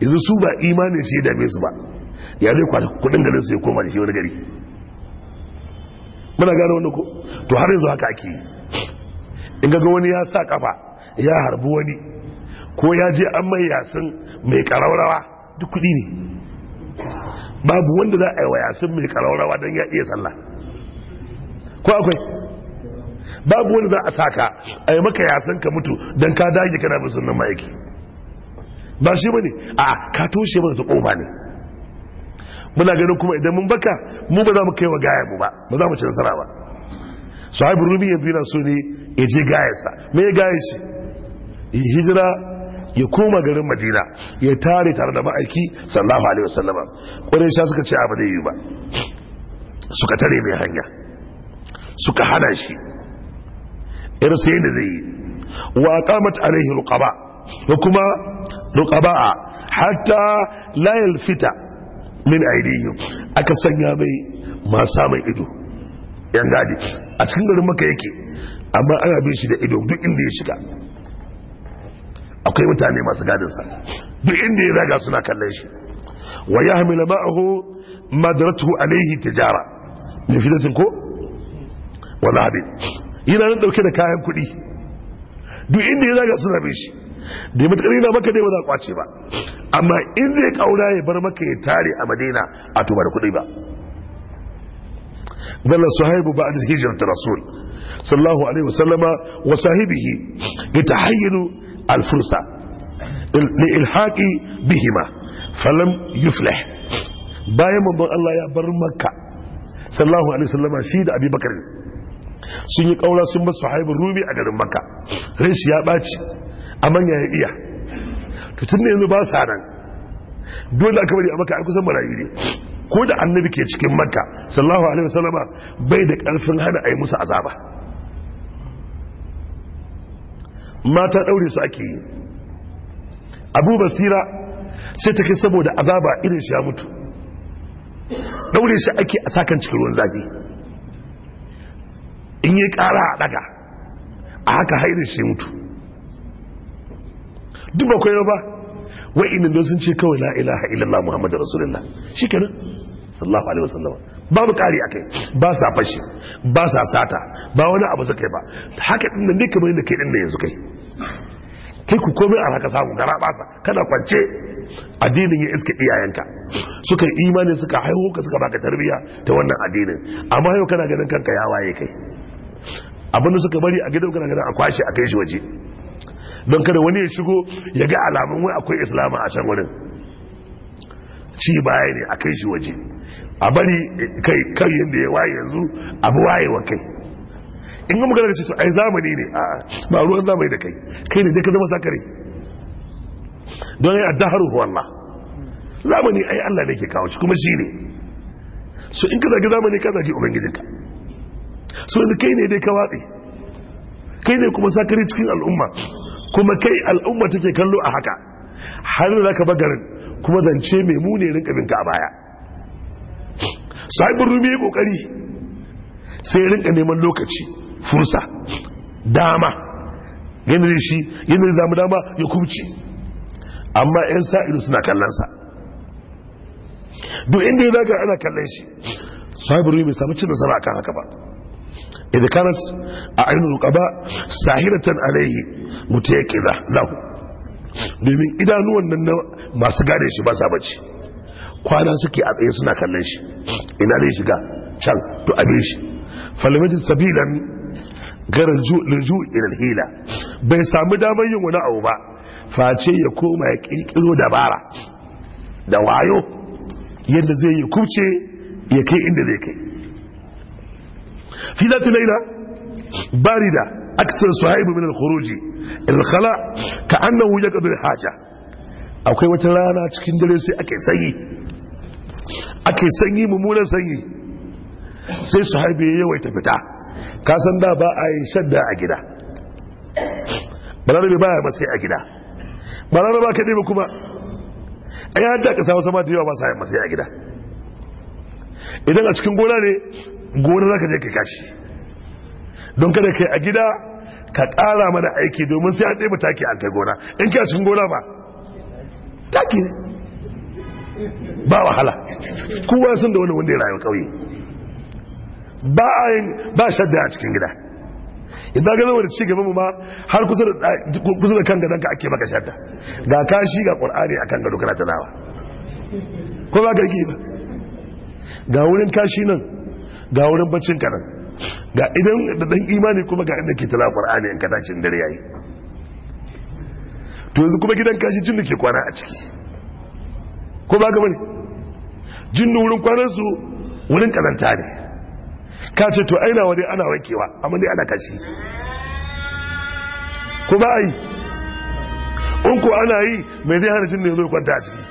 yanzu su ba imanin shi da dame su ba ya zai kwata kudin garin su ya koma da shi wani gari muna gano wani ko to har yanzu haka ake yi in ga wani ya sa kafa ya harbi wani ko ya je an mai yasin mai karaurawa duk kudi ne babu wanda za a yi wa yasin mai don ya iya sallah ko akwai babu wanda za a saka a yi maka yasan ka mutu don ka dage kana bin sunan ma'aiki ba shi ne? a ka toshe ba su koma ne muna ganin kuma idan mun baka mu ba za mu kai wa gaya mu ba ba za mu ci nasara ba haibu rubi yanzu yana so ne ya je gayarsa me ya gaya shi hijira ya koma garin madina ya tare tare da ma'aiki sallallahu alaihi wasallama ƙwarai sha suka ce abu da yi ba suka tare mai hanya suka hana shi irin sai da zai yi wa qamat alaihi rukaba da kuma layal hatta la fita min aidiyu aka sanya mai masa mai ido yan gadi a cikin garin maka yake amma ana bin shi da ido duk inda ya shiga akwai mutane masu gadinsa duk inda ya zaga suna kallon shi wa ya hamila ma'ahu madaratu alaihi tijara mai fidatin ko wani abin yana nan ɗauke da kayan kuɗi duk inda ya zaga suna bin shi da matakar yana maka dai ba za kwace ba amma in zai kauna ya bar maka ya tare a madina a tuba da kuɗi ba dalla suhaibu ba'd hijrat rasul sallallahu alaihi wasallama wa sahibihi yatahayyanu alfursa ilhaƙi bihima falam yufleh bayan manzon Allah ya bar makka sallahu alaihi sallama shi da abubakar sun yi ƙaura sun basu haibin rumi a garin makka reshi ya ɓaci a manya ya iya tutun da yanzu ba sa nan dole aka bari a makka an kusan marayu ne ko da annabi ke cikin makka sallahu alaihi wasallama bai da ƙarfin hana a yi musu azaba mata daure su ake yi abu basira sai ta kai saboda azaba irin shi ya mutu daure shi ake a sakan cikin ruwan zafi in yi kara a daga a haka hairin shi mutu duk ba kwayo ba wa'inin don sun ce kawai la ilaha muhammadu rasulullah shi kenan sallallahu alaihi wasallam babu kari akai ba sa fashi ba sa sata ba wani abu suka ba haka din nan ne kamar yadda kai din nan yanzu kai kai ku komai a haka samu gara basa kana kwance addinin ya iska iyayenka suka imani suka haihu ka suka baka tarbiyya ta wannan addinin amma yau kana ganin kanka ya waye kai abinda suka bari a gidan kana ganin a kwashe a kai shi waje don kada wani ya shigo ya ga alamun wai akwai islamu a can wurin ci baya ne a kai shi waje a bari eh, kai kan yadda ya waye yanzu abu waye wa kai in ga magana ce to ai zamani ne a ba ruwan zamani da kai kai ne dai ka zama sakare don ai addaharu huwa Allah zamani ai Allah ne ke kawo shi kuma shi ne so in ka zagi zamani ka zagi ubangijinka so yanzu kai ne dai ka watsi kai ne kuma sakare cikin al'umma kuma kai al'umma take kallo a haka har da zaka bagarin kuma zance mai mune rinka ka a baya sahibin rumi ya kokari sai ya rinka neman lokaci fursa dama yadda shi yadda zama dama ya kubce amma 'yan sa'idu suna kallonsa duk inda ya zaga ana kallon shi sahibin rumi bai samu cin nasara kan haka ba idan kanat a ainihin rukaba sahiratan alaihi mutu ya kira lahu domin idanuwan nan masu gane shi ba sa kwana suke a tsaye suna kallon shi ina ne shiga can to bi shi falmajin sabilan garin luju ilal hila bai samu damar yin wani abu ba face ya koma ya kirkiro dabara da wayo yadda zai yi kubce ya kai inda zai kai fi zata laila barida aksar suhaibu min al-khuruji ilkhala ka annahu yaqdir haja akwai wata rana cikin dare sai ake sanyi ake sanyi mummunan sanyi sai su haibe yawai ta fita kasan da ba a yi shadda a gida balarabe ba ya masai a gida balarabe ka nemi kuma a yi hada kasa wasu mata yawa masu hayan masai a gida idan a cikin gona ne gona za ka je ka kashi don kada kai a gida ka kara mana aiki domin sai an ɗaya taki an kai gona in ka cikin gona ba taki ne ba wahala kowa sun da wani wanda ya rayu kauye ba a yin ba shadda a cikin gida idan ga zama da ci gaba ma har kusa da kan gadon ka ake maka shadda ga kashi ga qur'ani akan gado kana talawa ko ba gargi ba ga wurin kashi nan ga wurin baccin ka nan ga idan da ɗan imani kuma ga inda ke tala qur'ani in ka tashi dare yayi to yanzu kuma gidan kashi tun da ke kwana a ciki ko ba gaba ne jinnu wurin kwanansu wurin karanta ne ka ce to aina wani ana wakewa amma ne ana kashi ko ba a yi in ana yi mai zai hana jinnu ya zo kwanta a ciki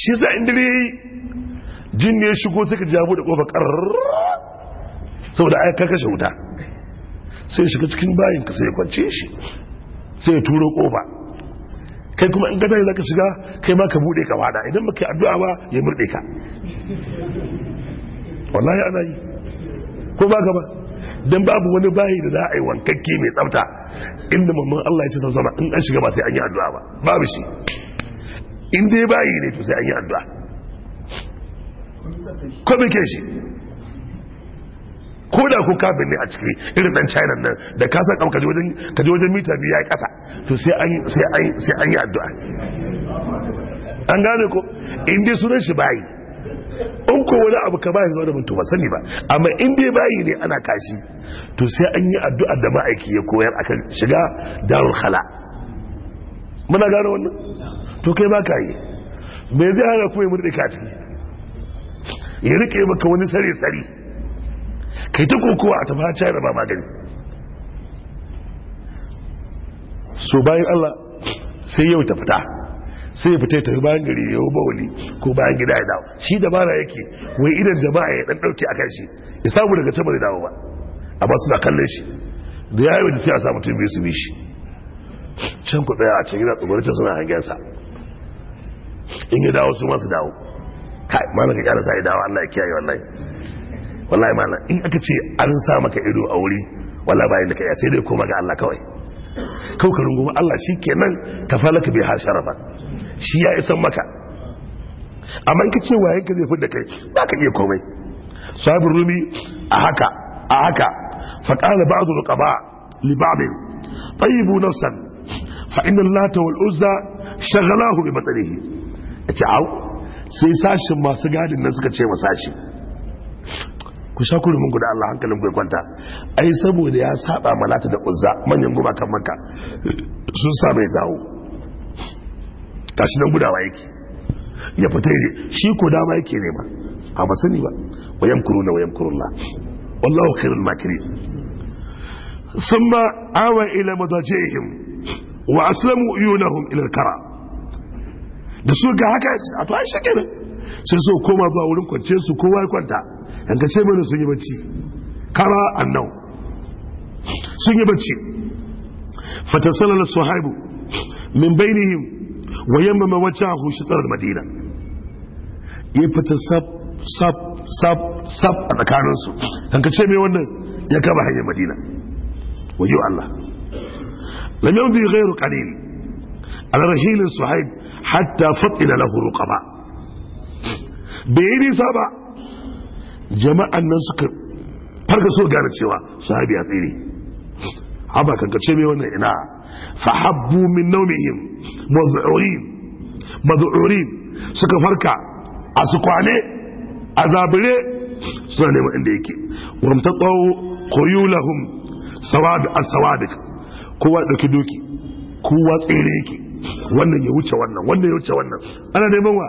shi za inda ne jinnu ya shigo suka jabo da kofa karar saboda ai kashe wuta sai shiga cikin bayin ka sai kwance shi sai ya turo ƙofa. kai kuma in gada tashi zaka shiga kai ma ka bude ka wada idan baka yi addu'a ba ya murde ka wallahi ana yi ko ba ka ba dan babu wani bayi da za a yi wankakke mai tsafta inda mamman Allah ya ce ta zama in an shiga ba sai an yi addu'a ba babu shi in dai bayi ne to sai an yi addu'a ko me ke shi ko da ko kafin ne a cikin irin dan china nan da ka san kaje wajen wajen mita biyu ya yi kasa to sai an yi addu'a an gane ko inda sunan shi bayi in ko wani abu ka bayi zaune da ba sani ba amma inda bayi ne ana kashi to sai an yi addu'a da ma'aiki ya koyar akan shiga darul khala muna gane wannan to kai ba ka yi me zai hana kuma ya murɗe kafi ya rike maka wani sare-sare kai ta kokowa a tafi hacci da ba magani so bayan Allah sai yau ta fita sai ya fita ta bayan gari ya yi bawali ko bayan gida ya dawo shi da bara yake wai idan jama'a ya dan dauke akan shi ya samu daga can bai dawo ba A amma suna kalle shi da ya yi waje sai a samu tun biyu su bi shi can ku tsaya a can gida can suna hangen sa in ya dawo su masu dawo kai malam ka kyara sa ya dawo Allah ya kiyaye wallahi wallahi malam in aka ce an sa maka ido a wuri wallahi bayan da kai sai dai koma ga Allah kawai kawai ka rungumi Allah shi kenan ka falaka bai hashara ba shi ya isan maka amma in ka ce waye ka zai fi da kai ba ka iya komai sabir rumi a haka a haka faƙala ba'adu da ƙaba libabin tsayibu nafsan fa'inan lata wal uzza shagalahu bi matsarihi a ce au sai sashin masu gadin nan suka ce wa sashi ku sha kuri mun guda Allah hankalin kai kwanta ai saboda ya saba malata da uzza manyan gumakan maka sun sa mai zawo tashi nan gudawa yake ya fita yaje shi ko dama yake ba. a ba sani ba wayan na wayan Allah wallahu khairul makiri thumma awa ila madajihim wa aslamu uyunahum ila al-kara da su ga haka a to ai shekenan sai su koma zuwa wurin kwance su kowa ya kwanta an ce mana sun yi bacci kara annau sun yi bacci fatasalar suhaibu min bainihim wa yamma wajahu shitar madina ya fata sab sab sab sab a tsakaninsu kan ka ce mai wannan ya kama hanyar madina Wajen Allah lam yamdi ghayru qalil ala rahil suhaib hatta fatina lahu ruqaba bai yi nisa ba jama'an nan suka farka so gane cewa sahabi ya tsere haba kankace mai wannan ina Fa habbu min nawmihim mazu'urin mazu'urin suka farka a su kwane a zabire suna neman inda yake wamta tsawo koyulahum sawadik kowa ɗauki doki kowa tsere yake wannan ya wuce wannan wannan ya wuce wannan ana neman wa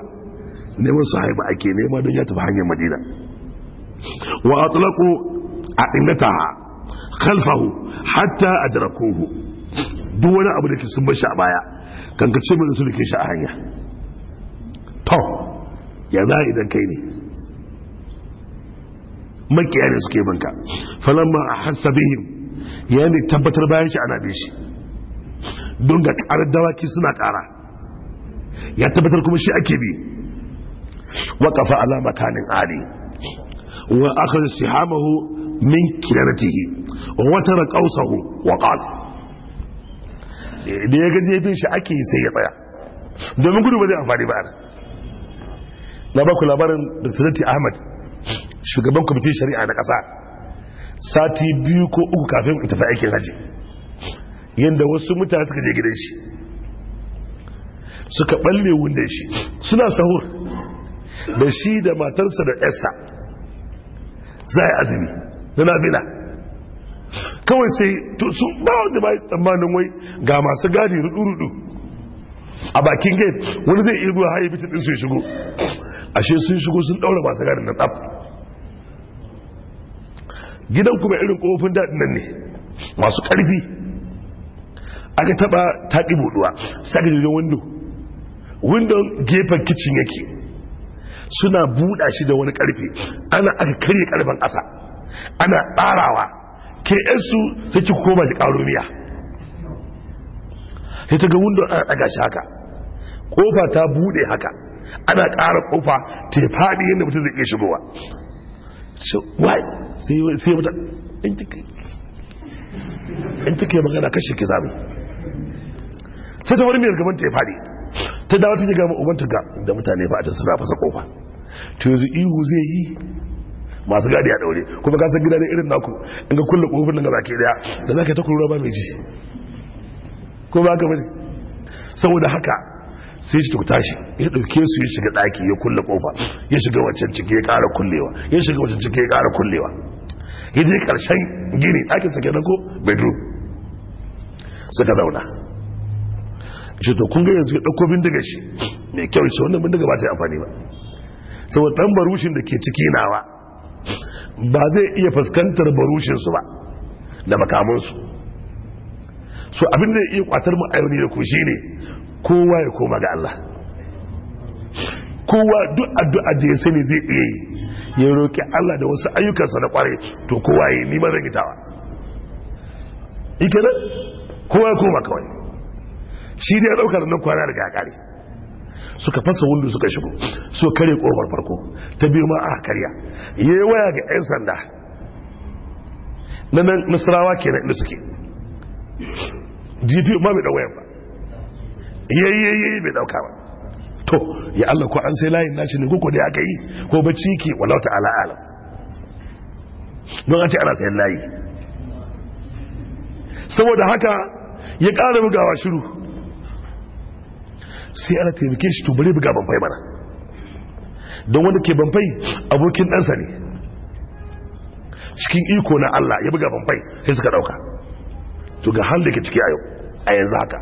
neman sahiba ake nema don ya tafi hanyar madina wa atlaqu a'imataha khalfahu hatta adrakuhu duk wani abu da ke sun bashi a baya kan ka ce mun su dake shi a hanya to ya za idan kai ne makiya ne suke banka falamma ahassa bihim yani tabbatar bayan shi ana bi shi don ga karar dawaki suna kara ya tabbatar kuma shi ake bi waƙafa alama kanin ali wa akhadha sihamahu min kinanatihi wa watara da ya gaje bin shi ake sai ya tsaya domin gudu ba zai amfani ba na ba ku labarin da tsanati ahmad shugaban kwamitin shari'a na ƙasa sati biyu ko uku kafin in tafi aikin haji yadda wasu mutane suka je gidan shi suka balle wundan shi suna sahur da shi da matarsa da yarsa za a yi azumi da bina. kawai sai su ba wanda ba tsammanin wai ga masu gadi rudu-rudu a bakin gai wani zai iya zuwa haye bitin din su shigo ashe sun shigo sun ɗaura masu gadi na tsaf gidan kuma irin kofin daɗin nan ne masu ƙarfi aka taɓa taɗi buɗuwa sai aka jirgin windo windon gefen kicin yake suna buɗa shi da wani ƙarfe ana aka karye ƙarfen ƙasa ana tsarawa ke su sai ki koma da ƙaro miya sai ta ga wundon ana ɗaga shi haka ƙofa ta buɗe haka ana ƙara ƙofa ta faɗi yadda mutum zai iya shigowa why? sai mata in ke magana kashe ki zami sai ta wani mai gaban ta ya faɗi ta dawo ta jiga ubanta ga da mutane ba a can suna fasa kofa to yanzu ihu zai yi masu gadi a daure kuma ka san gida irin naku in ga kulle kofin nan ga baki daya da zaka ta kurura ba mai ji ko ba ka bari saboda haka sai shi tukuta shi ya dauke su ya shiga daki ya kulle kofa ya shiga wancan cike ya kara kullewa ya shiga wancan cike ya kara kullewa ya karshen gini ɗakin sa kenan ko bedroom suka zauna shi to kun ga yanzu ya ɗauko daga shi mai kyau shi wannan bindiga ba ta yi amfani ba saboda ɗan barushin da ke ciki nawa ba zai iya fuskantar barushinsu ba da makamansu so abin da ya iya kwatar mu ayyuni da ku shine kowa ya koma ga Allah kowa duk addu'a da ya sani zai iya yi ya roki Allah da wasu ayyukansa na kware to kowa ya yi neman ragitawa ikenan kowa ya koma kawai shi ya daukar nan kwana daga gagari suka fasa wundu suka shigo so kare kofar farko ta biyu ma a karya yayi waya ga yan sanda na nan misrawa kenan inda suke gp ma bai da ba yayi bai ɗauka ba to ya Allah ko an sai layin nashi ne ko da aka yi ko bacci ciki walau ala'a don an ce ana sayan layi saboda haka ya ƙara bugawa shiru sai ana taimake shi to bari buga banfai mana don wanda ke banfai abokin ɗansa ne cikin iko na Allah ya buga banfai sai suka ɗauka to ga hal da ke ciki a yau a yanzu haka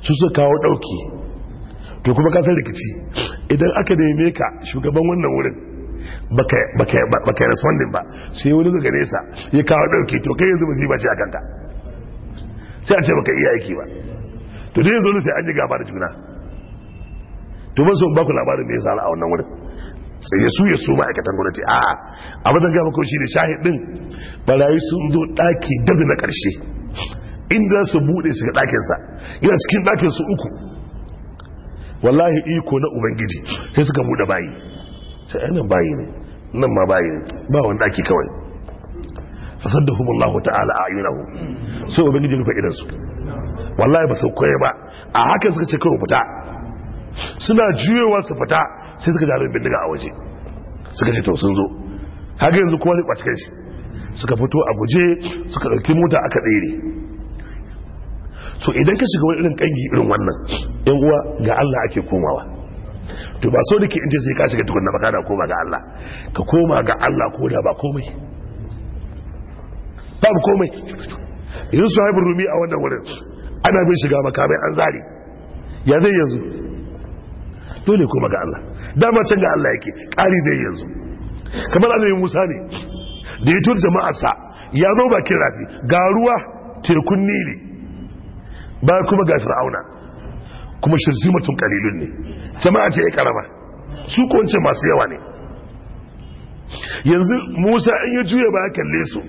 su suka kawo ɗauki to kuma kasar rikici idan aka neme ka shugaban wannan wurin baka yi responding ba sai wani daga nesa ya kawo ɗauki to kai yanzu musiba ce a kanka sai a ce baka iya aiki ba to dai zo sai an ji gaba da juna to ba so ba ku labarin da ya sa a wannan wurin sai ya su ya su ma'aikatan gwamnati a abin da gaba shi ne shahidin barayi sun zo daki dabi na karshe inda su bude su ga dakinsa yana cikin dakin su uku wallahi iko na ubangiji sai suka bude bayi sai ainihin bayi ne nan ma bayi ne ba wani daki kawai fasaddahum Allah ta'ala a ayyunahu sai ubangiji rufe idansu wallahi ba su koye ba a haka suka ce karo fita suna juyewa su fita sai suka jarin bindiga a waje suka ce to sun zo haka yanzu kowa zai kwaci shi suka fito a guje suka ɗauki mota aka tsere so idan ka shiga wani irin kangi irin wannan yan uwa ga Allah ake komawa to ba so da ke inda sai ka shiga tukunna ba kana koma ga Allah ka koma ga Allah ko da ba komai ba komai yanzu su haifar rumi a wannan wurin ana bin shiga makamai an zari ya zai yanzu dole kuma ga Allah dama can ga Allah yake ƙari zai yanzu kamar annabi Musa ne da ya tur sa ya zo bakin rafi ga ruwa tekun nili ba kuma ga fir'auna kuma shirzimatun kalilun ne jama'a ce ya karama su kunce masu yawa ne yanzu Musa in ya juya ba kalle su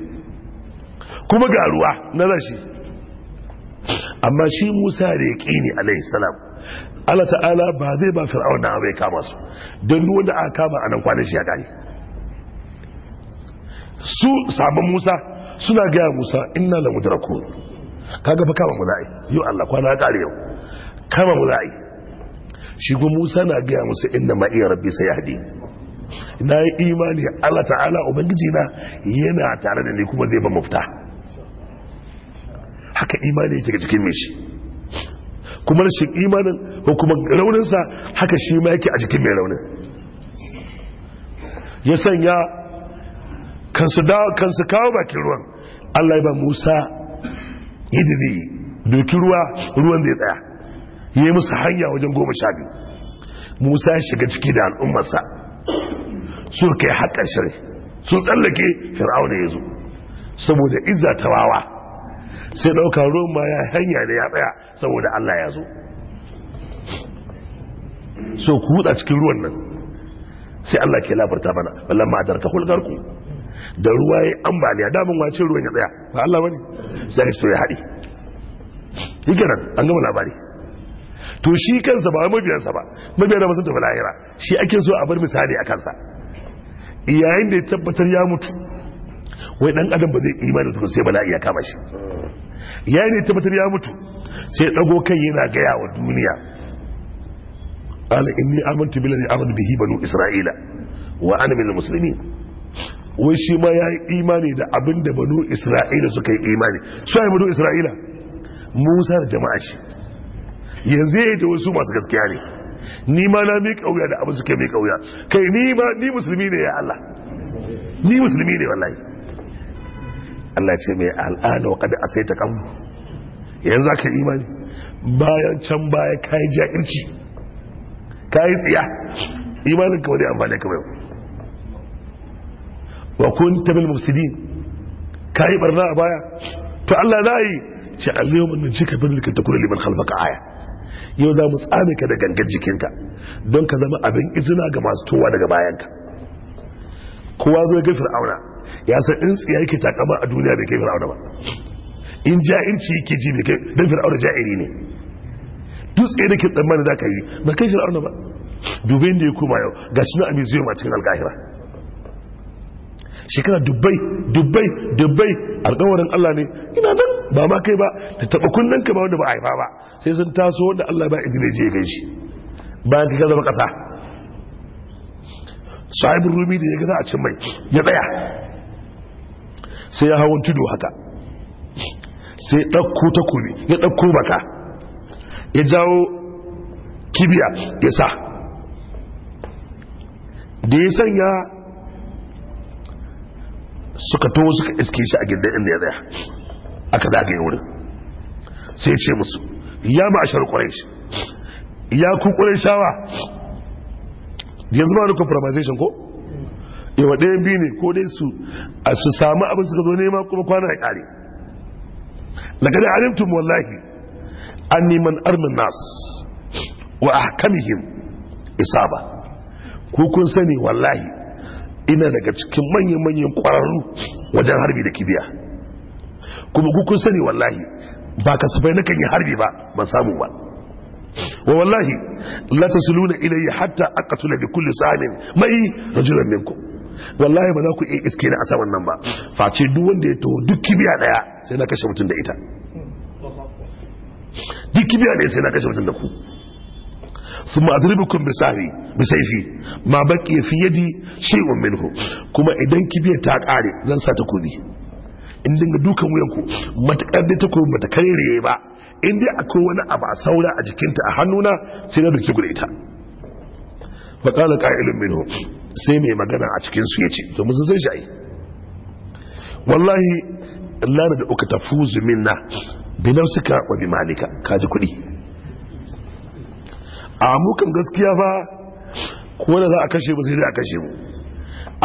kuma ga ruwa na shi. amma shi musa da ya ƙini alaihi salam Allah ta'ala ba zai ba fir'aun da bai kama su don duk wanda aka kama a nan kwanan shi ya gari su sabon musa suna gaya musa inna la mudraku kaga fa kama mulai yau Allah kwana kare yau kama mulai shi kuma musa na gaya musu inna ma iya rabbi sai hadi na yi imani Allah ta'ala ubangiji na yana tare da ni kuma zai ba mafita haka imani yake ga jikin mai kuma rashin imanin ko kuma rauninsa haka shi ma yake a jikin mai raunin ya sanya kansu kawo bakin ruwan allah ya ba musa idiri doki ruwa ruwan zai tsaya ya yi musu hanya wajen goma sha biyu musa ya shiga ciki da al'ummarsa su kai haƙar shirin sun tsallake fir'auna ya zo saboda izza ta wawa sai ɗauka ruwan ma ya hanya da ya tsaya saboda Allah ya zo so ku hutsa cikin ruwan nan sai Allah ke labarta mana wallan ma ka hulgar ku da ruwa ya ambaliya damin wacin ruwan ya tsaya ba Allah wani sai ka tsoye haɗi hikiran an gama labari to shi kansa ba mabiyansa ba mabiyar da masu tafi lahira shi ake so a bar misali a kansa yayin da ya tabbatar ya mutu wai dan adam ba zai imani to sai bala'i ya kama shi ya ne tabbatar ya mutu sai dago kai yana gaya wa duniya ala inni amintu bilani amantu bihi banu isra'ila wa ana minal muslimin wai shi ma ya yi imani da abin da banu isra'ila suka yi imani su yi banu isra'ila musa da jama'a shi yanzu ya yi da wasu masu gaskiya ne ni ma na mi kauya da abin suke mi kauya kai ni ma ni musulmi ne ya Allah ni musulmi ne wallahi Allah ce mai al'ada wa kada a sai ta kanmu yanzu za ka imani bayan can baya ka yi ja'irci ka yi tsiya imanin kawai wani amfani kawai wa kun tabil mufsidin ka yi barna a baya to Allah za yi ce aliyu mun jika bin likan ta kuna liman halbaka aya yau za mu tsame ka da gangar jikinka don ka zama abin izina ga masu towa daga bayanka kowa zai ga fir'auna ya san in tsiya yake takama a duniya bai kai fir'auna ba in ja'irci yake ji bai kai dan fir'auna ja'iri ne dutse da ke tsammani za ka yi ba kai fir'auna ba dubai da ya koma yau ga shi na a museum ma cikin alkahira shekara dubbai dubbai dubai alkawarin allah ne ina nan ba ma kai ba da taɓa kunnen ka ba wanda ba a haifa ba sai sun taso wanda allah ba izini je ya shi bayan ka zama ƙasa sahibin rumi da ya gaza a cin mai ya tsaya sai ya hawan tudu haka sai ta takobi ya ɗauko baka ya jawo kibiya ya sa da ya sanya suka taho suka iske shi a gindin inda ya tsaya aka yi wurin sai ce musu ya ma'ashar ƙwarai ya ku ƙwarai shawa yanzu ma wani compromisation ko? yawa ɗayan biyu ne ko dai su a su samu abin suka zo nema kuma kwana ya ƙare daga da alimtum wallahi an neman armin nas wa a isa ba. ko kun sani wallahi ina daga cikin manyan-manyan ƙwararru wajen harbi da kibiya kuma ku sani wallahi ba kasafai na kan yi harbi ba ba samu ba wa wallahi la tasuluna ilayya hatta aqtula bi kulli sa'amin mai rajulan minkum wallahi ba za ku iya iske na saman nan ba face duk wanda ya taho duk kibiya daya sai na kashe mutum da ita duk kibiya daya sai na kashe mutum da ku su ma'adribukun bisari bisaifi ma baki fi yadi shay'un minhu kuma idan kibiya ta kare zan sa takobi in dinga dukan wuyanku matakar da takobi mata karere ba in dai akwai wani abu a saura a jikinta a hannuna sai na duki guda ita faƙalar ƙa'ilin minhu sai mai magana a cikinsu ya ce domin sun sai shayi wallahi lana da uka tafuzu minna bi nafsika wa bi malika kaji kuɗi a mukan gaskiya ba ko da za a kashe mu sai dai a kashe mu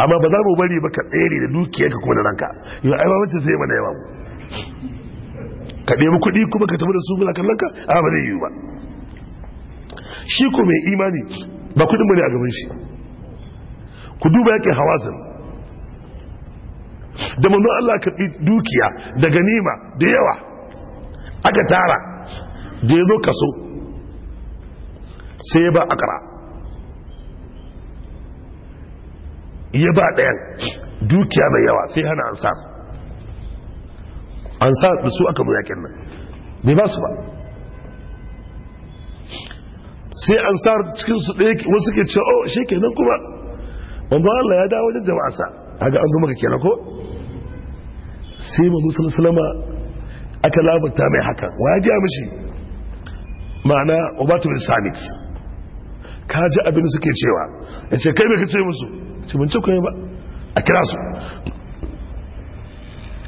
amma ba za mu bari ba ka tsere da ka kuma da ranka yau ai ba wacce sai mana yawa mu ka ɗebi kuɗi kuma ka tafi da su muna kallon ka a ba zai yi ba shi ko mai imani ba mu bane a gaban shi ku duba yake hawazin da manu Allah ka bi dukiya da ganima da yawa aka tara da ya zo kaso sai ya ba akara ya ba ɗayan dukiya mai yawa sai hana An sa da su aka zo yakin nan bai ba su ba sai ansar cikinsu ɗaya wasu ke ce oh shi kenan kuma wanda Allah ya dawo wajen jama'arsa kaga an zo maka kenan ko sai manzo salama aka labarta mai haka wa ya gaya mishi ma'ana ubatu bin samit ka ji abin suke cewa ya ce kai me ka ce musu ce mun ce ba a kira su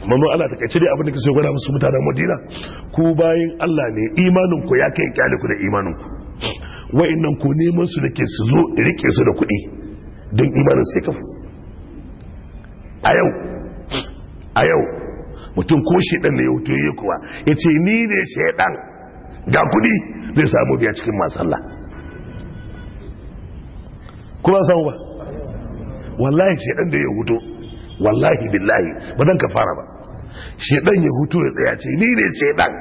manu Allah ta kace dai abin da kake gwada musu mutanen Madina ku bayin Allah ne imanin ku ya kai kyaliku ku da imanin ku nan ku neman su ke su zo rike su da kuɗi don imanin sai kafu a yau a yau mutum ko shaidan ne ya hutu ya kuwa ya ce ni ne shaidan ga kudi zai samu biya cikin masu Allah kuma samu ba wallahi shaidan da ya hutu wallahi billahi ba zan ka fara ba shaidan ya hutu ya tsaya ce ni ne shaidan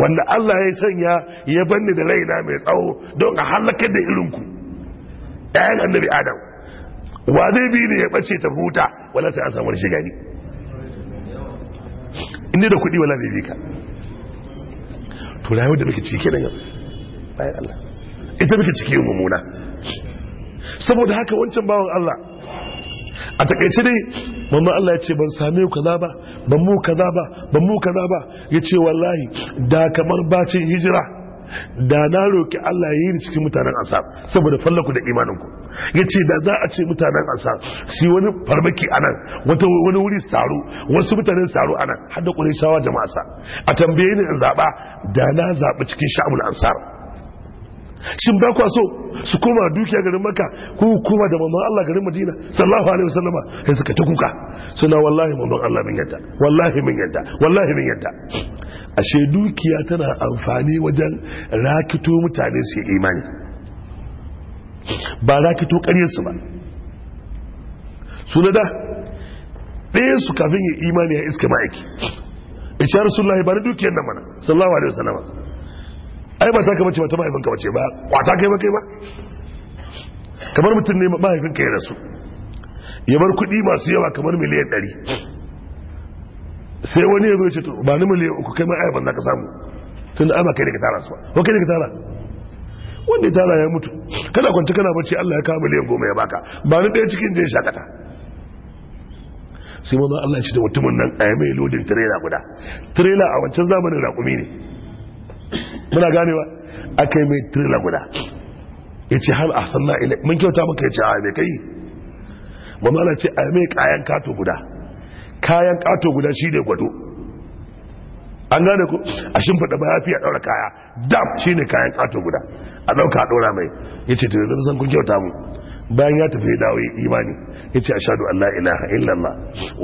wanda Allah ya sanya ya banni da raina mai tsawo don a halakar da irinku ɗayan annabi adam wa zai bi ne ya ɓace ta huta wala sai an samu shi gani inda da kuɗi wala zai bi ka to rayuwar da muke ciki kenan bayan Allah ita muke ciki mummuna saboda haka wancan bawan Allah a takaice dai mamman Allah ya ce ban same ku kaza ba ban mu kaza ba ban mu kaza ba ya ce wallahi da kamar bacin hijira da na roki Allah ya yi ni cikin mutanen asab saboda fallaku da imaninku ya ce da za a ce mutanen asab su yi wani farmaki a nan wani wuri su taru wasu mutanen su taru a nan hada da ƙure shawa jama'a sa a tambaye ni in zaɓa da na zaɓi cikin sha'amun ansar shin ba kwa so su koma dukiya garin maka ko koma da mamman Allah garin Madina sallallahu alaihi wasallama sai suka ta kuka suna wallahi mamman Allah min yadda wallahi min yadda wallahi min yadda ashe dukiya tana amfani wajen rakito mutane su imani ba rakito karyarsu ba su da ɗaya su kafin yi imani ya iska ma'aiki isha rasulullahi ba na dukiyar nan mana sallawa alaihi wasallama ai ba ta kama ce ba ta mahaifinka ce ba kwata kai ba kai ba kamar mutum ne mahaifin ya rasu ya bar kuɗi masu yawa kamar miliyan ɗari sai wani ya zo ce to ba ni miliyan uku kai ma ayaban za ka samu tun da ama kai da ka tara su ba ko kai da ka tara wanda ya tara ya mutu kana kwanci kana bacci Allah ya kawo miliyan goma ya baka ba ni ɗaya cikin jin shakata sai maza Allah ya ci da mutumin nan a mai lodin tirela guda tirela a wancan zamanin raƙumi ne muna ganewa a kai mai tirela guda ya ce har a sanna ila mun kyauta maka ya ce a mai kai mamala ce a mai kayan kato guda kayan kato guda shi ne gwado an gane ku a shimfiɗa mayafi a ɗaura kaya dam shi ne kayan kato guda a ɗauka a mai ya ce tunanin zan kun kyauta mu bayan ya tafi dawo imani ya ce ashadu an la ilaha illallah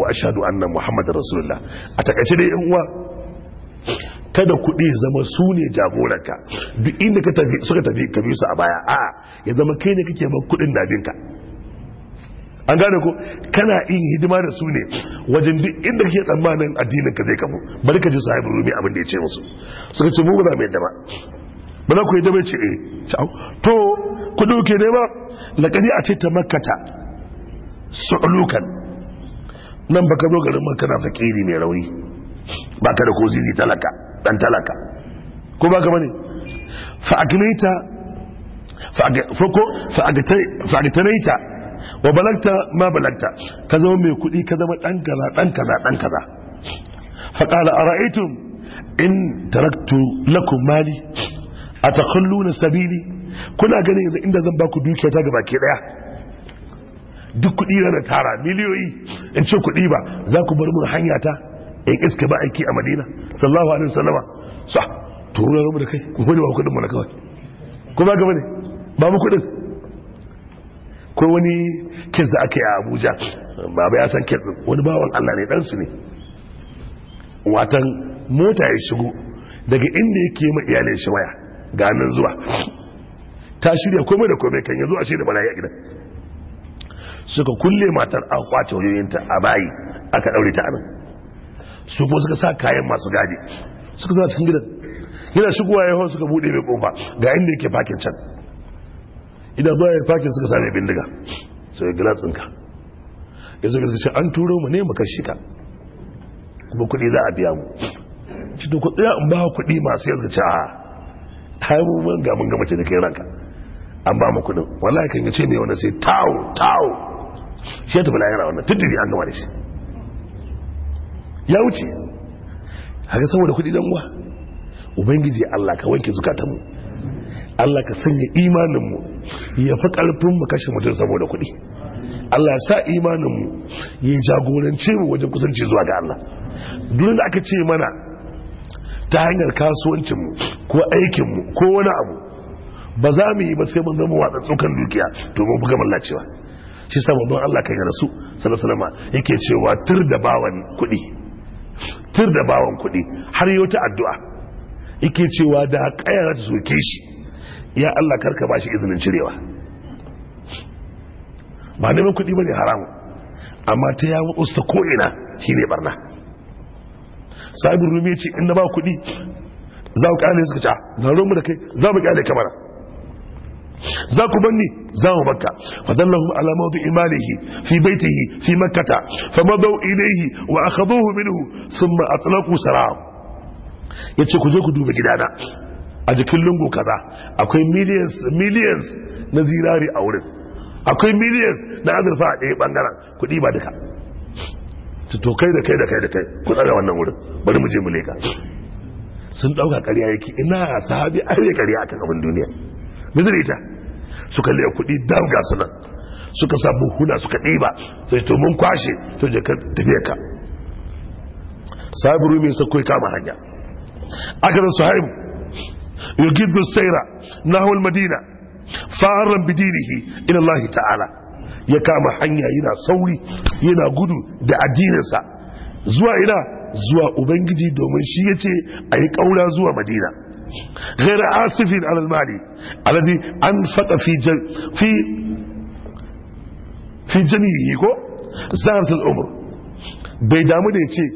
wa a shaɗu annan muhammadu rasulullah a takaice dai yan uwa kada kuɗi zama su ne jagoranka duk inda suka tafi ka biyu su a baya a ya zama kai ne kake ban kuɗin nabinka an gane ko kana yin hidima da su ne wajen duk inda kake tsammanin addinin ka zai kafu bari ka ji sahibin rumi abin da ya ce musu suka ce mu ba za mu dama ku yadda bai ce eh to ku doke ne ba laƙari a ce ta makkata alukan nan baka zo garin makka na fakiri mai rauni baka da ko zizi talaka dan talaka ko baka bane fa akmaita fa ko fa wa balagta ma balagta ka zama mai kuɗi ka zama ɗan kaza ɗan kaza ɗan kaza faƙala a ra'aitun in taraktu lakum mali a takalluna sabili kuna gani yanzu inda zan baku dukiya ta gaba ke ɗaya duk kuɗi na tara miliyoyi in ce kuɗi ba za ku bar mun hanya ta in iska ba aiki a madina sallahu alaihi wasallama sa turu na da kai ku bane ba kuɗin mu na kawai ko ba gaba ne ba mu kuɗin ko wani kes da aka yi a abuja baba ya san kes wani bawan allah ne ɗansu ne watan mota ya shigo daga inda ya yake ma iyalin shi waya ga zuwa ta shirya komai da komai kan yanzu a shirya bala a gidan suka kulle matar a kwace wayoyinta a bayi aka ɗaure ta anan su ko suka sa kayan masu gadi suka zana cikin gidan yana shigowa ya hau suka buɗe mai ƙofa ga inda yake fakin can idan zuwa ya fakin suka sami bindiga sai gilatsinka ya zo gaske an turo mu ne mu kashi ka kuma kuɗi za a biya mu cikin kuɗi ya an ba kuɗi masu yanzu ce a haimumin gamin gama ce da kai ranka an ba mu kuɗin wallahi kan ce mai wani sai tawo tawo shi ya tafi lahira wannan tuddiri an gama da shi ya wuce haka saboda kuɗi dan uwa ubangiji allah ka wanke zukatanmu allah ka sanya imaninmu ya fi karfin mu kashe mutum saboda kuɗi Allah sa imanin mu ya jagorance mu wajen kusanci zuwa ga Allah duk da aka ce mana ta hanyar kasuwancin mu ko aikin mu ko wani abu ba za mu yi ba sai mun zama watsa tsokan dukiya to mun buga mallacewa shi sa manzon Allah kai ga rasu sallallahu alaihi yake cewa tur da bawan kuɗi tur da bawan kuɗi har yau ta addu'a yake cewa da kayar suke shi ya Allah karka ba shi izinin cirewa ba neman kuɗi ba ne haramun amma ta yawon usta ko'ina shi ne barna sabin rumi ce inda ba kuɗi za ku ƙyale suka ca ah, na romu da kai za mu ƙyale kamara za ku banni za mu bakka fadallahu ala mawdu imanihi fi baitihi fi makkata fa madaw ilayhi wa akhaduhu minhu thumma atlaqu sarah yace ku je ku duba gidana a jikin lungu kaza akwai millions millions na zirari a wurin akwai millions na azurfa a ɗaya ɓangaren kuɗi ba duka to kai da kai da kai da kai ku tsara wannan wurin bari mu je mu leka sun ɗauka ƙarya yake ina sahabi an yi ƙarya akan abin duniya mizirita su suka a kuɗi dam ga sunan suka sa buhuna suka ɗiba sai to mun kwashe to je ka tafiya ka rumi kai kama hanya aka da يجد السيرة نهو المدينة فارا بدينه إلى الله تعالى يكام حنيا إلى سوري إلى قدو دا أدينسا زوا إلى زوا أبنجدي دومن شيئتي أي قولا زوا مدينة غير آسف على المال الذي أنفق في جن في في جنيه كو سارة الأمر بيدامو ديتي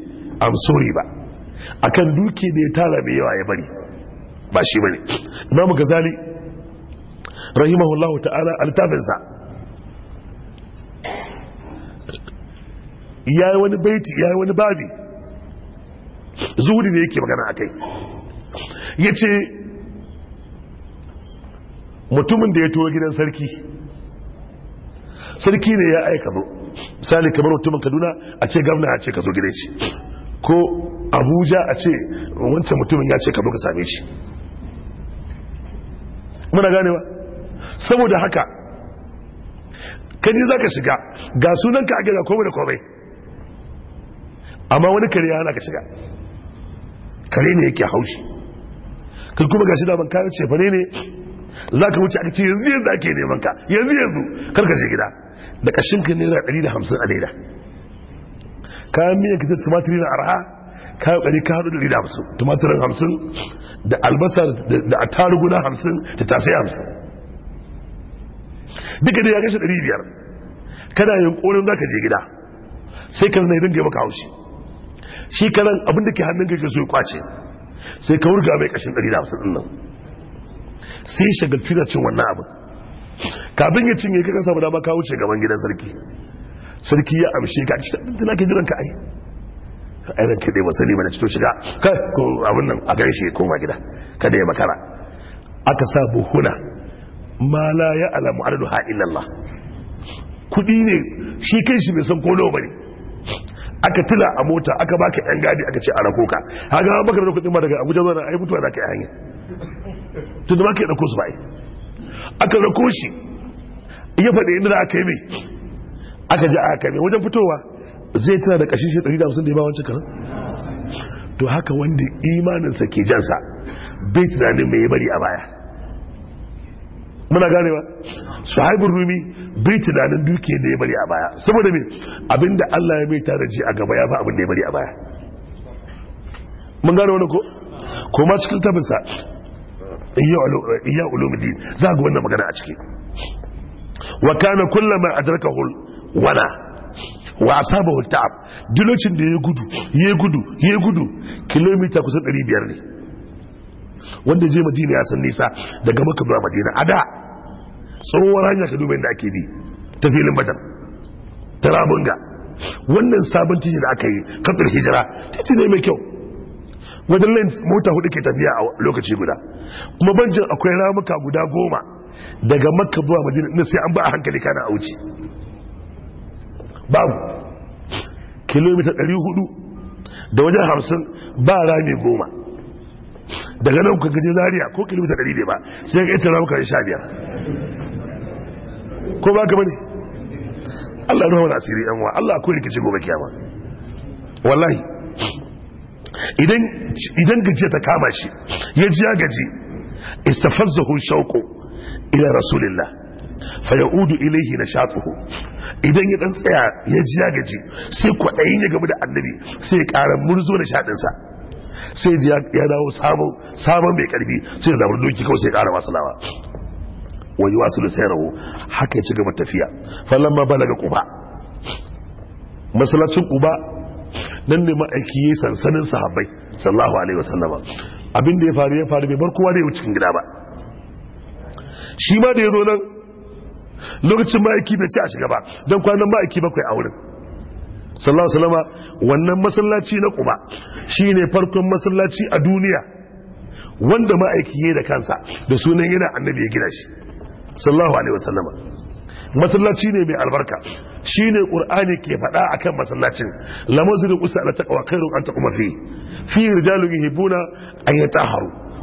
أم سوري با akan دوكي ديتالا ya tara ba shi bane imamu gazali rahimahullahu ta'ala altafinsa ya yi wani baiti ya yi wani babi zuhudi ne yake magana a kai ya ce mutumin da ya tuwa gidan sarki sarki ne ya aika zo misali kamar mutumin kaduna a ce gamna a ce ka zo gidan shi ko abuja a ce wancan mutumin ya ce ka zo ka same shi muna ganewa saboda haka kaji za ka shiga ga sunanka a gida komai da komai amma wani kare yana ka shiga kare ne yake haushi kai kuma ga shi da banka ce fane ne za ka wuce aka ce yanzu yanzu ake neman ka yanzu yanzu karka shi gida da kashin ka naira 150 a naira kayan miyan ka ta tumatiri na arha ka ɗari ka hadu da rida hamsin tumatirin hamsin da albasa da attarugu na hamsin ta tasai hamsin duka da ya gashi ɗari biyar kada yin ƙonin za ka je gida sai kan na irin maka haushi shi kanan abin da ke hannun ka ke so kwace sai ka wurga mai kashin ɗari da hamsin ɗin nan sai shagaltu da cin wannan abin kafin ya cinye ka kasa ba dama ka wuce gaban gidan sarki sarki ya amshe ka ci da ke jiran ka ai to ai ranke dai bane shiga kai ko abin nan a gare shi ya gida kada ya makara aka sa buhuna ma la ya alamu adadu ha illallah kudi ne shi kai shi bai san ko nawa bane aka tila a mota aka baka yan gadi aka ce a rako ka haka an baka da kudin ma daga Abuja zuwa ai mutuwa zaka yi hanya to da baka dauko ba bai aka rako shi ya fade inda aka yi mai aka ji aka yi wajen fitowa zai tana da kashi shi 150 da ya ba wancan karan to haka wanda imaninsa ke jansa bai tunanin mai bari a baya muna gane su sahibin rumi bai tunanin dukiyar da ya bari a baya saboda me abinda Allah ya mai ji a gaba ya ba abin da ya bari a baya mun gane wani ko kuma cikin tabinsa iya ulumidi za ga wannan magana a ciki wa kana kullum kullama adrakahu wana wasa asaba ta'ab dilocin da ya gudu ya gudu ya gudu kilomita kusan 500 ne wanda je madina ya san nisa daga maka zuwa madina a da tsohuwar hanya ka duba da ake bi ta filin badar ta rabunga wannan sabon tijin da aka yi kafin hijira titi ne mai kyau wajen lens mota hudu ke tafiya a lokaci guda kuma banjin akwai ramuka guda goma daga makka zuwa madina na sai an ba a hankali kana a wuce babu kilomita 400 da wajen hamsin ba rami goma daga nan kuka gaji zariya ko kilomita 100 ne ba sai ka ita ramuka sha biyar ko ba ka ne Allah ruwa wani asiri yan Allah akwai rikici goma kyawa wallahi idan idan ta kama shi ya ji ya gaji istafazzahu shauko ila rasulillah fayaudu ilaihi na shatsuhu idan ya dan tsaya ya ji gaji sai kwaɗayin ya gamu da annabi sai ya ƙara murzo da shaɗinsa sai ya dawo sabon mai ƙarfi sai da doki kawai sai ya ƙara masu lawa wani wasu da sayarwa haka ya ci gaba tafiya fallon ma balaga kuba masalacin kuba nan ne ma'aiki ya sansanin sahabbai sallahu alaihi wasallama abin da ya faru ya faru bai bar kowa da ya wuce cikin gida ba shi ma da ya zo nan lokacin ma'aiki bai ce a shiga ba don kwanan ma'aiki bakwai a wurin sallallahu salama wannan masallaci na ƙuba shine farkon masallaci a duniya wanda ma'aiki ya da kansa da sunan yana annabi ya gina shi sallallahu alaihi sallama masallaci ne mai albarka shine ƙur'ani ke faɗa akan masallacin lamazin qusa na taqwa khairun an taquma fi fi rijalun an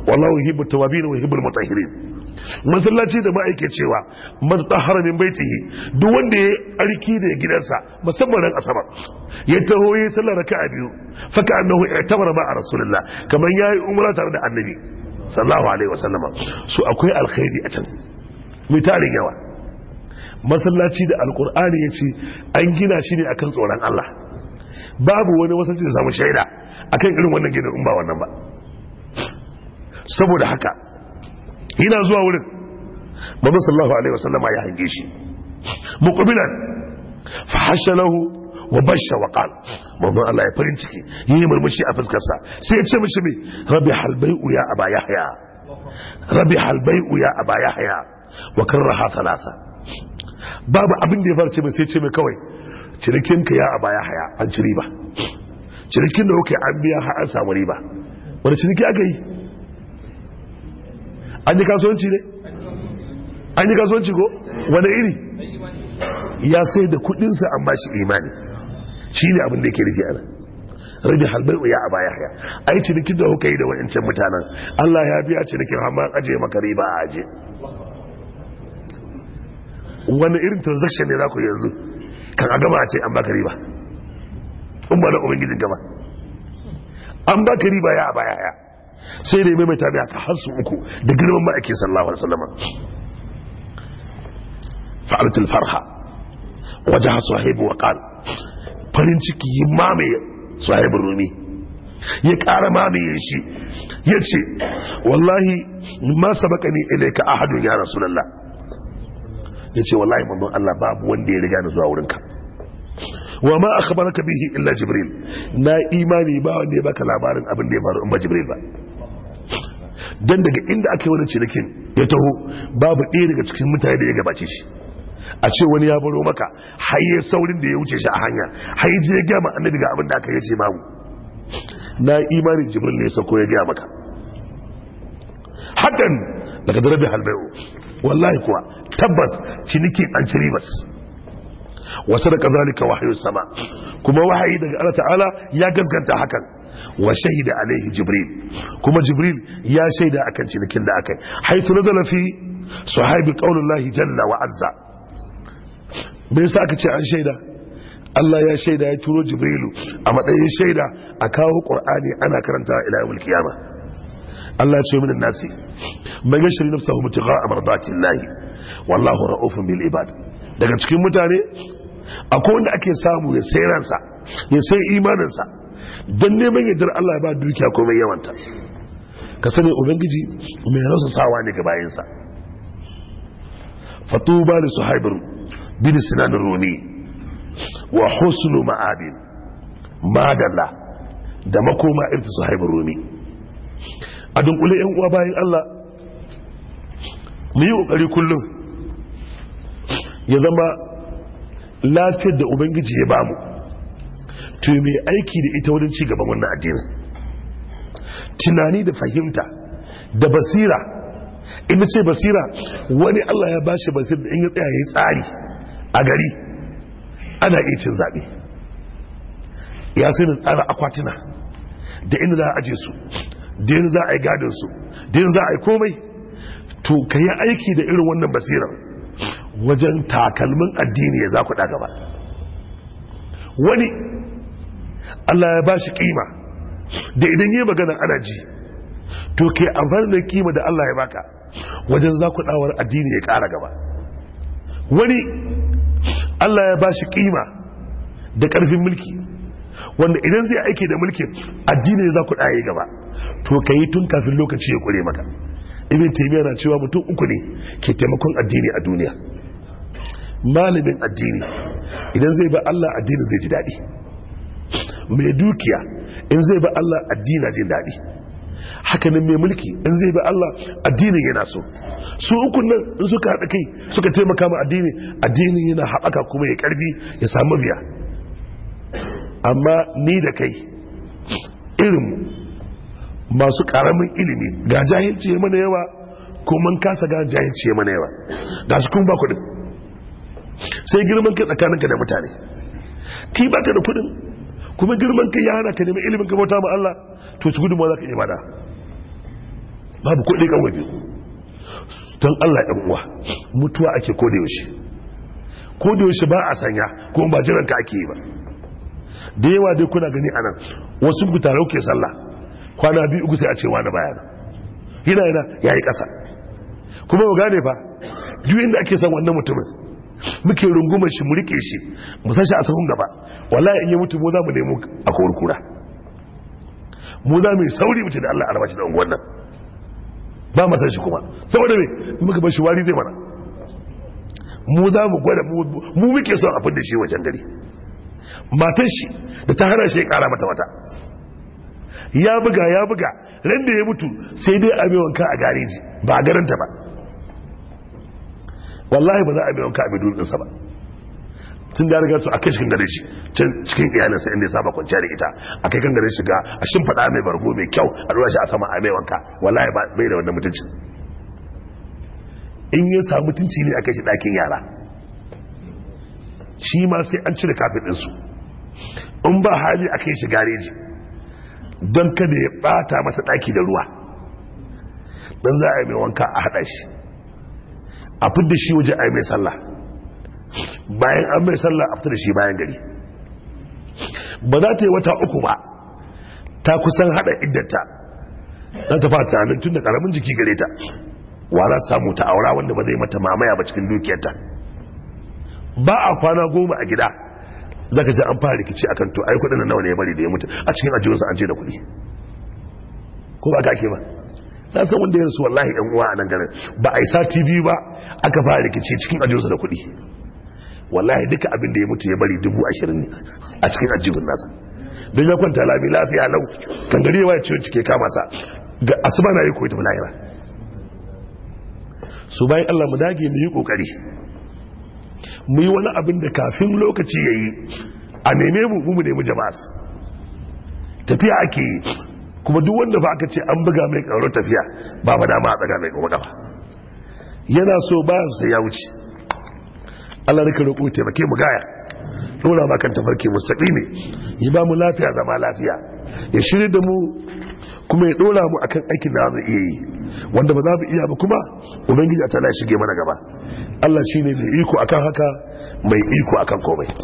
wallahu masallaci da ma'aikacewa cewa man tahara min duk wanda ya tsarki da gidansa musamman ran asabar ya taho ya sallar raka'a biyu fa ka annahu i'tabara a rasulullah kamar yayi umra tare da annabi sallallahu alaihi wasallam su akwai alkhairi a can mai tarin yawa masallaci da alkur'ani ya ce an gina shi ne akan tsoron Allah babu wani wasanci da samu shaida akan irin wannan gidan in ba wannan ba saboda haka Ina zuwa wurin manzo sallallahu alaihi wasallam ya hange shi muqbilan fa hashalahu wa basha wa qal manzo Allah ya farin ciki yayi murmushi a fuskar sa sai ya ce mishi me rabbi halbai'u ya aba yahya rabbi halbai'u ya aba yahya wa karraha thalatha babu abin da ya fara ce mai sai ce mai kawai cinikinka ya aba yahya an ci riba cinikin da kuke an biya har an samu riba wani ciniki aka yi an yi kasuwanci ne an yi kasuwanci ko wani iri ya sai da kudinsa an bashi imani shi ne abin da yake rufi ana rufi halbai ya a baya haya ai cinikin da kuka yi da wa'ancan mutanen Allah ya biya cinikin amma aje maka riba a aje wani irin transaction ne za ku yanzu kan a gama a ce an baka riba in ba na ubangijin gama. an baka riba ya a baya haya sai da ya maimaita ne ka har uku da girman ma'aiki sallallahu alaihi wasallam fa'alatul farha wajaha sahibu wa qal farin ciki ya mamaye sahibin rumi ya ƙara mamaye shi ya ce wallahi ma sabaka ni ilaika ahadun ya rasulullah ya ce wallahi manzon Allah babu wanda ya riga da zuwa wurinka wa ma akhbaraka bihi illa jibril na imani ba wanda ya baka labarin abin da ya faru in ba jibril ba Dan daga inda ake wani cinikin ya taho babu ɗaya daga cikin mutane da ya gabace shi a ce wani ya baro maka har saurin da ya wuce shi a hanya har je ya ma annabi ga abin da aka yi ce babu na imani jibril ne sako ya gaya maka hakan daga darabi halbayo wallahi kuwa tabbas ciniki an ciri bas. wasu da kazalika wahayu sama kuma wahayi daga Allah ta'ala ya gaskanta hakan wa shahida alaihi jibril kuma jibril ya shaida akan cinikin da akai haitu nazala fi sahabi qaulullahi jalla wa azza me yasa aka ce an shaida Allah ya shaida ya turo jibrilu a matsayin shaida a kawo qur'ani ana karanta ila yawmul qiyama Allah ya ce min nasi man yashri nafsahu mutiqa'a mardatillahi wallahu ra'ufun bil ibad daga cikin mutane akwai wanda ake samu ya sayar sa ya sai sa don neman yadda Allah ya ba dukiya komai yawanta ka sani ubangiji mai rasa sawa ne ga bayansa fatuba da haibar bin sinan roni wa husnu ma'adin madalla da makoma irta haibar roni a dunkule yan uwa bayan Allah mu yi kokari kullum ya zama lafiyar da ubangiji ya bamu to mai aiki da ita wurin cigaban wannan addinin tunani da fahimta da basira in ce basira wani allah ya bashi basir da in ya tsaya ya tsari a gari ana iya cin zaɓe ya sai da tsara akwatuna da inda za a aje su da inda za a yi gadin su da inda za a yi komai to ka yi aiki da irin wannan basirar wajen takalmin addini ya za ku ba wani Allah ya bashi kima da idan yi magana ana ji to ke amfani da kima da Allah ya baka wajen zakudawar addini ya kara gaba wani Allah ya bashi kima da karfin mulki wanda idan zai aiki da mulkin addini ya ku ya gaba to yi tun kafin lokaci ya kure maka Ibin taymiya na cewa mutum uku ne ke taimakon addini a duniya malamin addini idan zai ba Allah addini zai ji daɗi mai dukiya in zai ba Allah addina jin daɗi hakanan mai mulki in zai ba Allah addinin yana so su uku nan in suka haɗa kai suka taimaka ma addini addinin yana haɓaka kuma ya ƙarfi ya samu biya amma ni da kai irin masu ƙaramin ilimi ga jahilci ya mana yawa ko man kasa ga jahilci ya mana yawa ga su kuma ba kuɗin sai girman kai tsakaninka da mutane ki baka da kuɗin kuma girman kai ya hana ka neman ilimin ka bauta ma Allah to ci gudunmawa za ka iya bada babu ko ɗaya waje don Allah ɗan uwa mutuwa ake ko da yaushe ko da yaushe ba a sanya kuma ba jiran ka ake yi ba da yawa dai kuna gani anan wasu ku tare ke sallah kwana biyu uku sai a ce wani bayan yana yana yayi ƙasa kuma ba gane ba duk inda ake san wannan mutumin muke rungumar shi mu rike shi mu san shi a sahun gaba wallahi in ya mutu mu za mu nemo a kowar kura mu za mu yi sauri mu ce da Allah arba shi da unguwan nan ba mu san shi kuma saboda me muka bar shi wari zai mana mu za mu gwada mu muke son a fidda shi wajen gari matan shi da ta hana shi ya kara mata wata ya buga ya buga ran da ya mutu sai dai a mai wanka a gareji ba a garanta ba wallahi ba za a biyan ka a bidon ɗinsa ba tun da riga to a kai shi gare shi cikin iyalinsa inda ya saba kwanciya da ita a kai kan gare shi ga a shin mai bargo mai kyau a ruwa shi a sama a mai wanka wallahi bai da wannan mutunci in ya samu mutunci ne a kai shi ɗakin yara shi ma sai an cire kafin ɗinsu in ba hali a kai shi gareji don kada ya ɓata masa ɗaki da ruwa don za a yi mai wanka a haɗa shi a fidda shi waje ai mai sallah bayan an mai sallah a da shi bayan gari ba za ta yi wata uku ba ta kusan haɗa iddata za ta fata tun da karamin jiki gare ta wa za samu ta aura wanda ba zai mata mamaya ba cikin dukiyarta ba a kwana goma a gida za ka ji an fara rikici a kan to ai kudin nawa ne ya bari da ya mutu a cikin ajiyarsa an ce da kuɗi. ko ba ka ke ba na san wanda yansu wallahi yan uwa a nan garin ba a yi sati biyu ba aka fara rikici cikin ajiyarsa da kuɗi wallahi duka abin da ya mutu ya bari dubu ashirin ne a cikin ajiyar nasa don ya kwanta lami lafiya lau kan gari yawa ciwon cike kama sa ga asuba na yi koyi ta lahira su bayan allah mu dage mu yi kokari mu yi wani abin da kafin lokaci ya yi a neme mu mu nemi jama'a tafiya ake yi kuma duk wanda ba aka ce an buga mai karo tafiya ba ba dama a tsaga mai kuma kafa yana so ba sai ya wuce Allah ka roƙo taimake mu gaya dora ba kan tafarki ne. ya ba mu lafiya zama lafiya ya shirya da mu kuma ya dora mu akan aikin da za iya yi wanda ba za mu iya ba kuma ubangiji ta la shige mana gaba Allah shine mai iko akan haka mai iko akan komai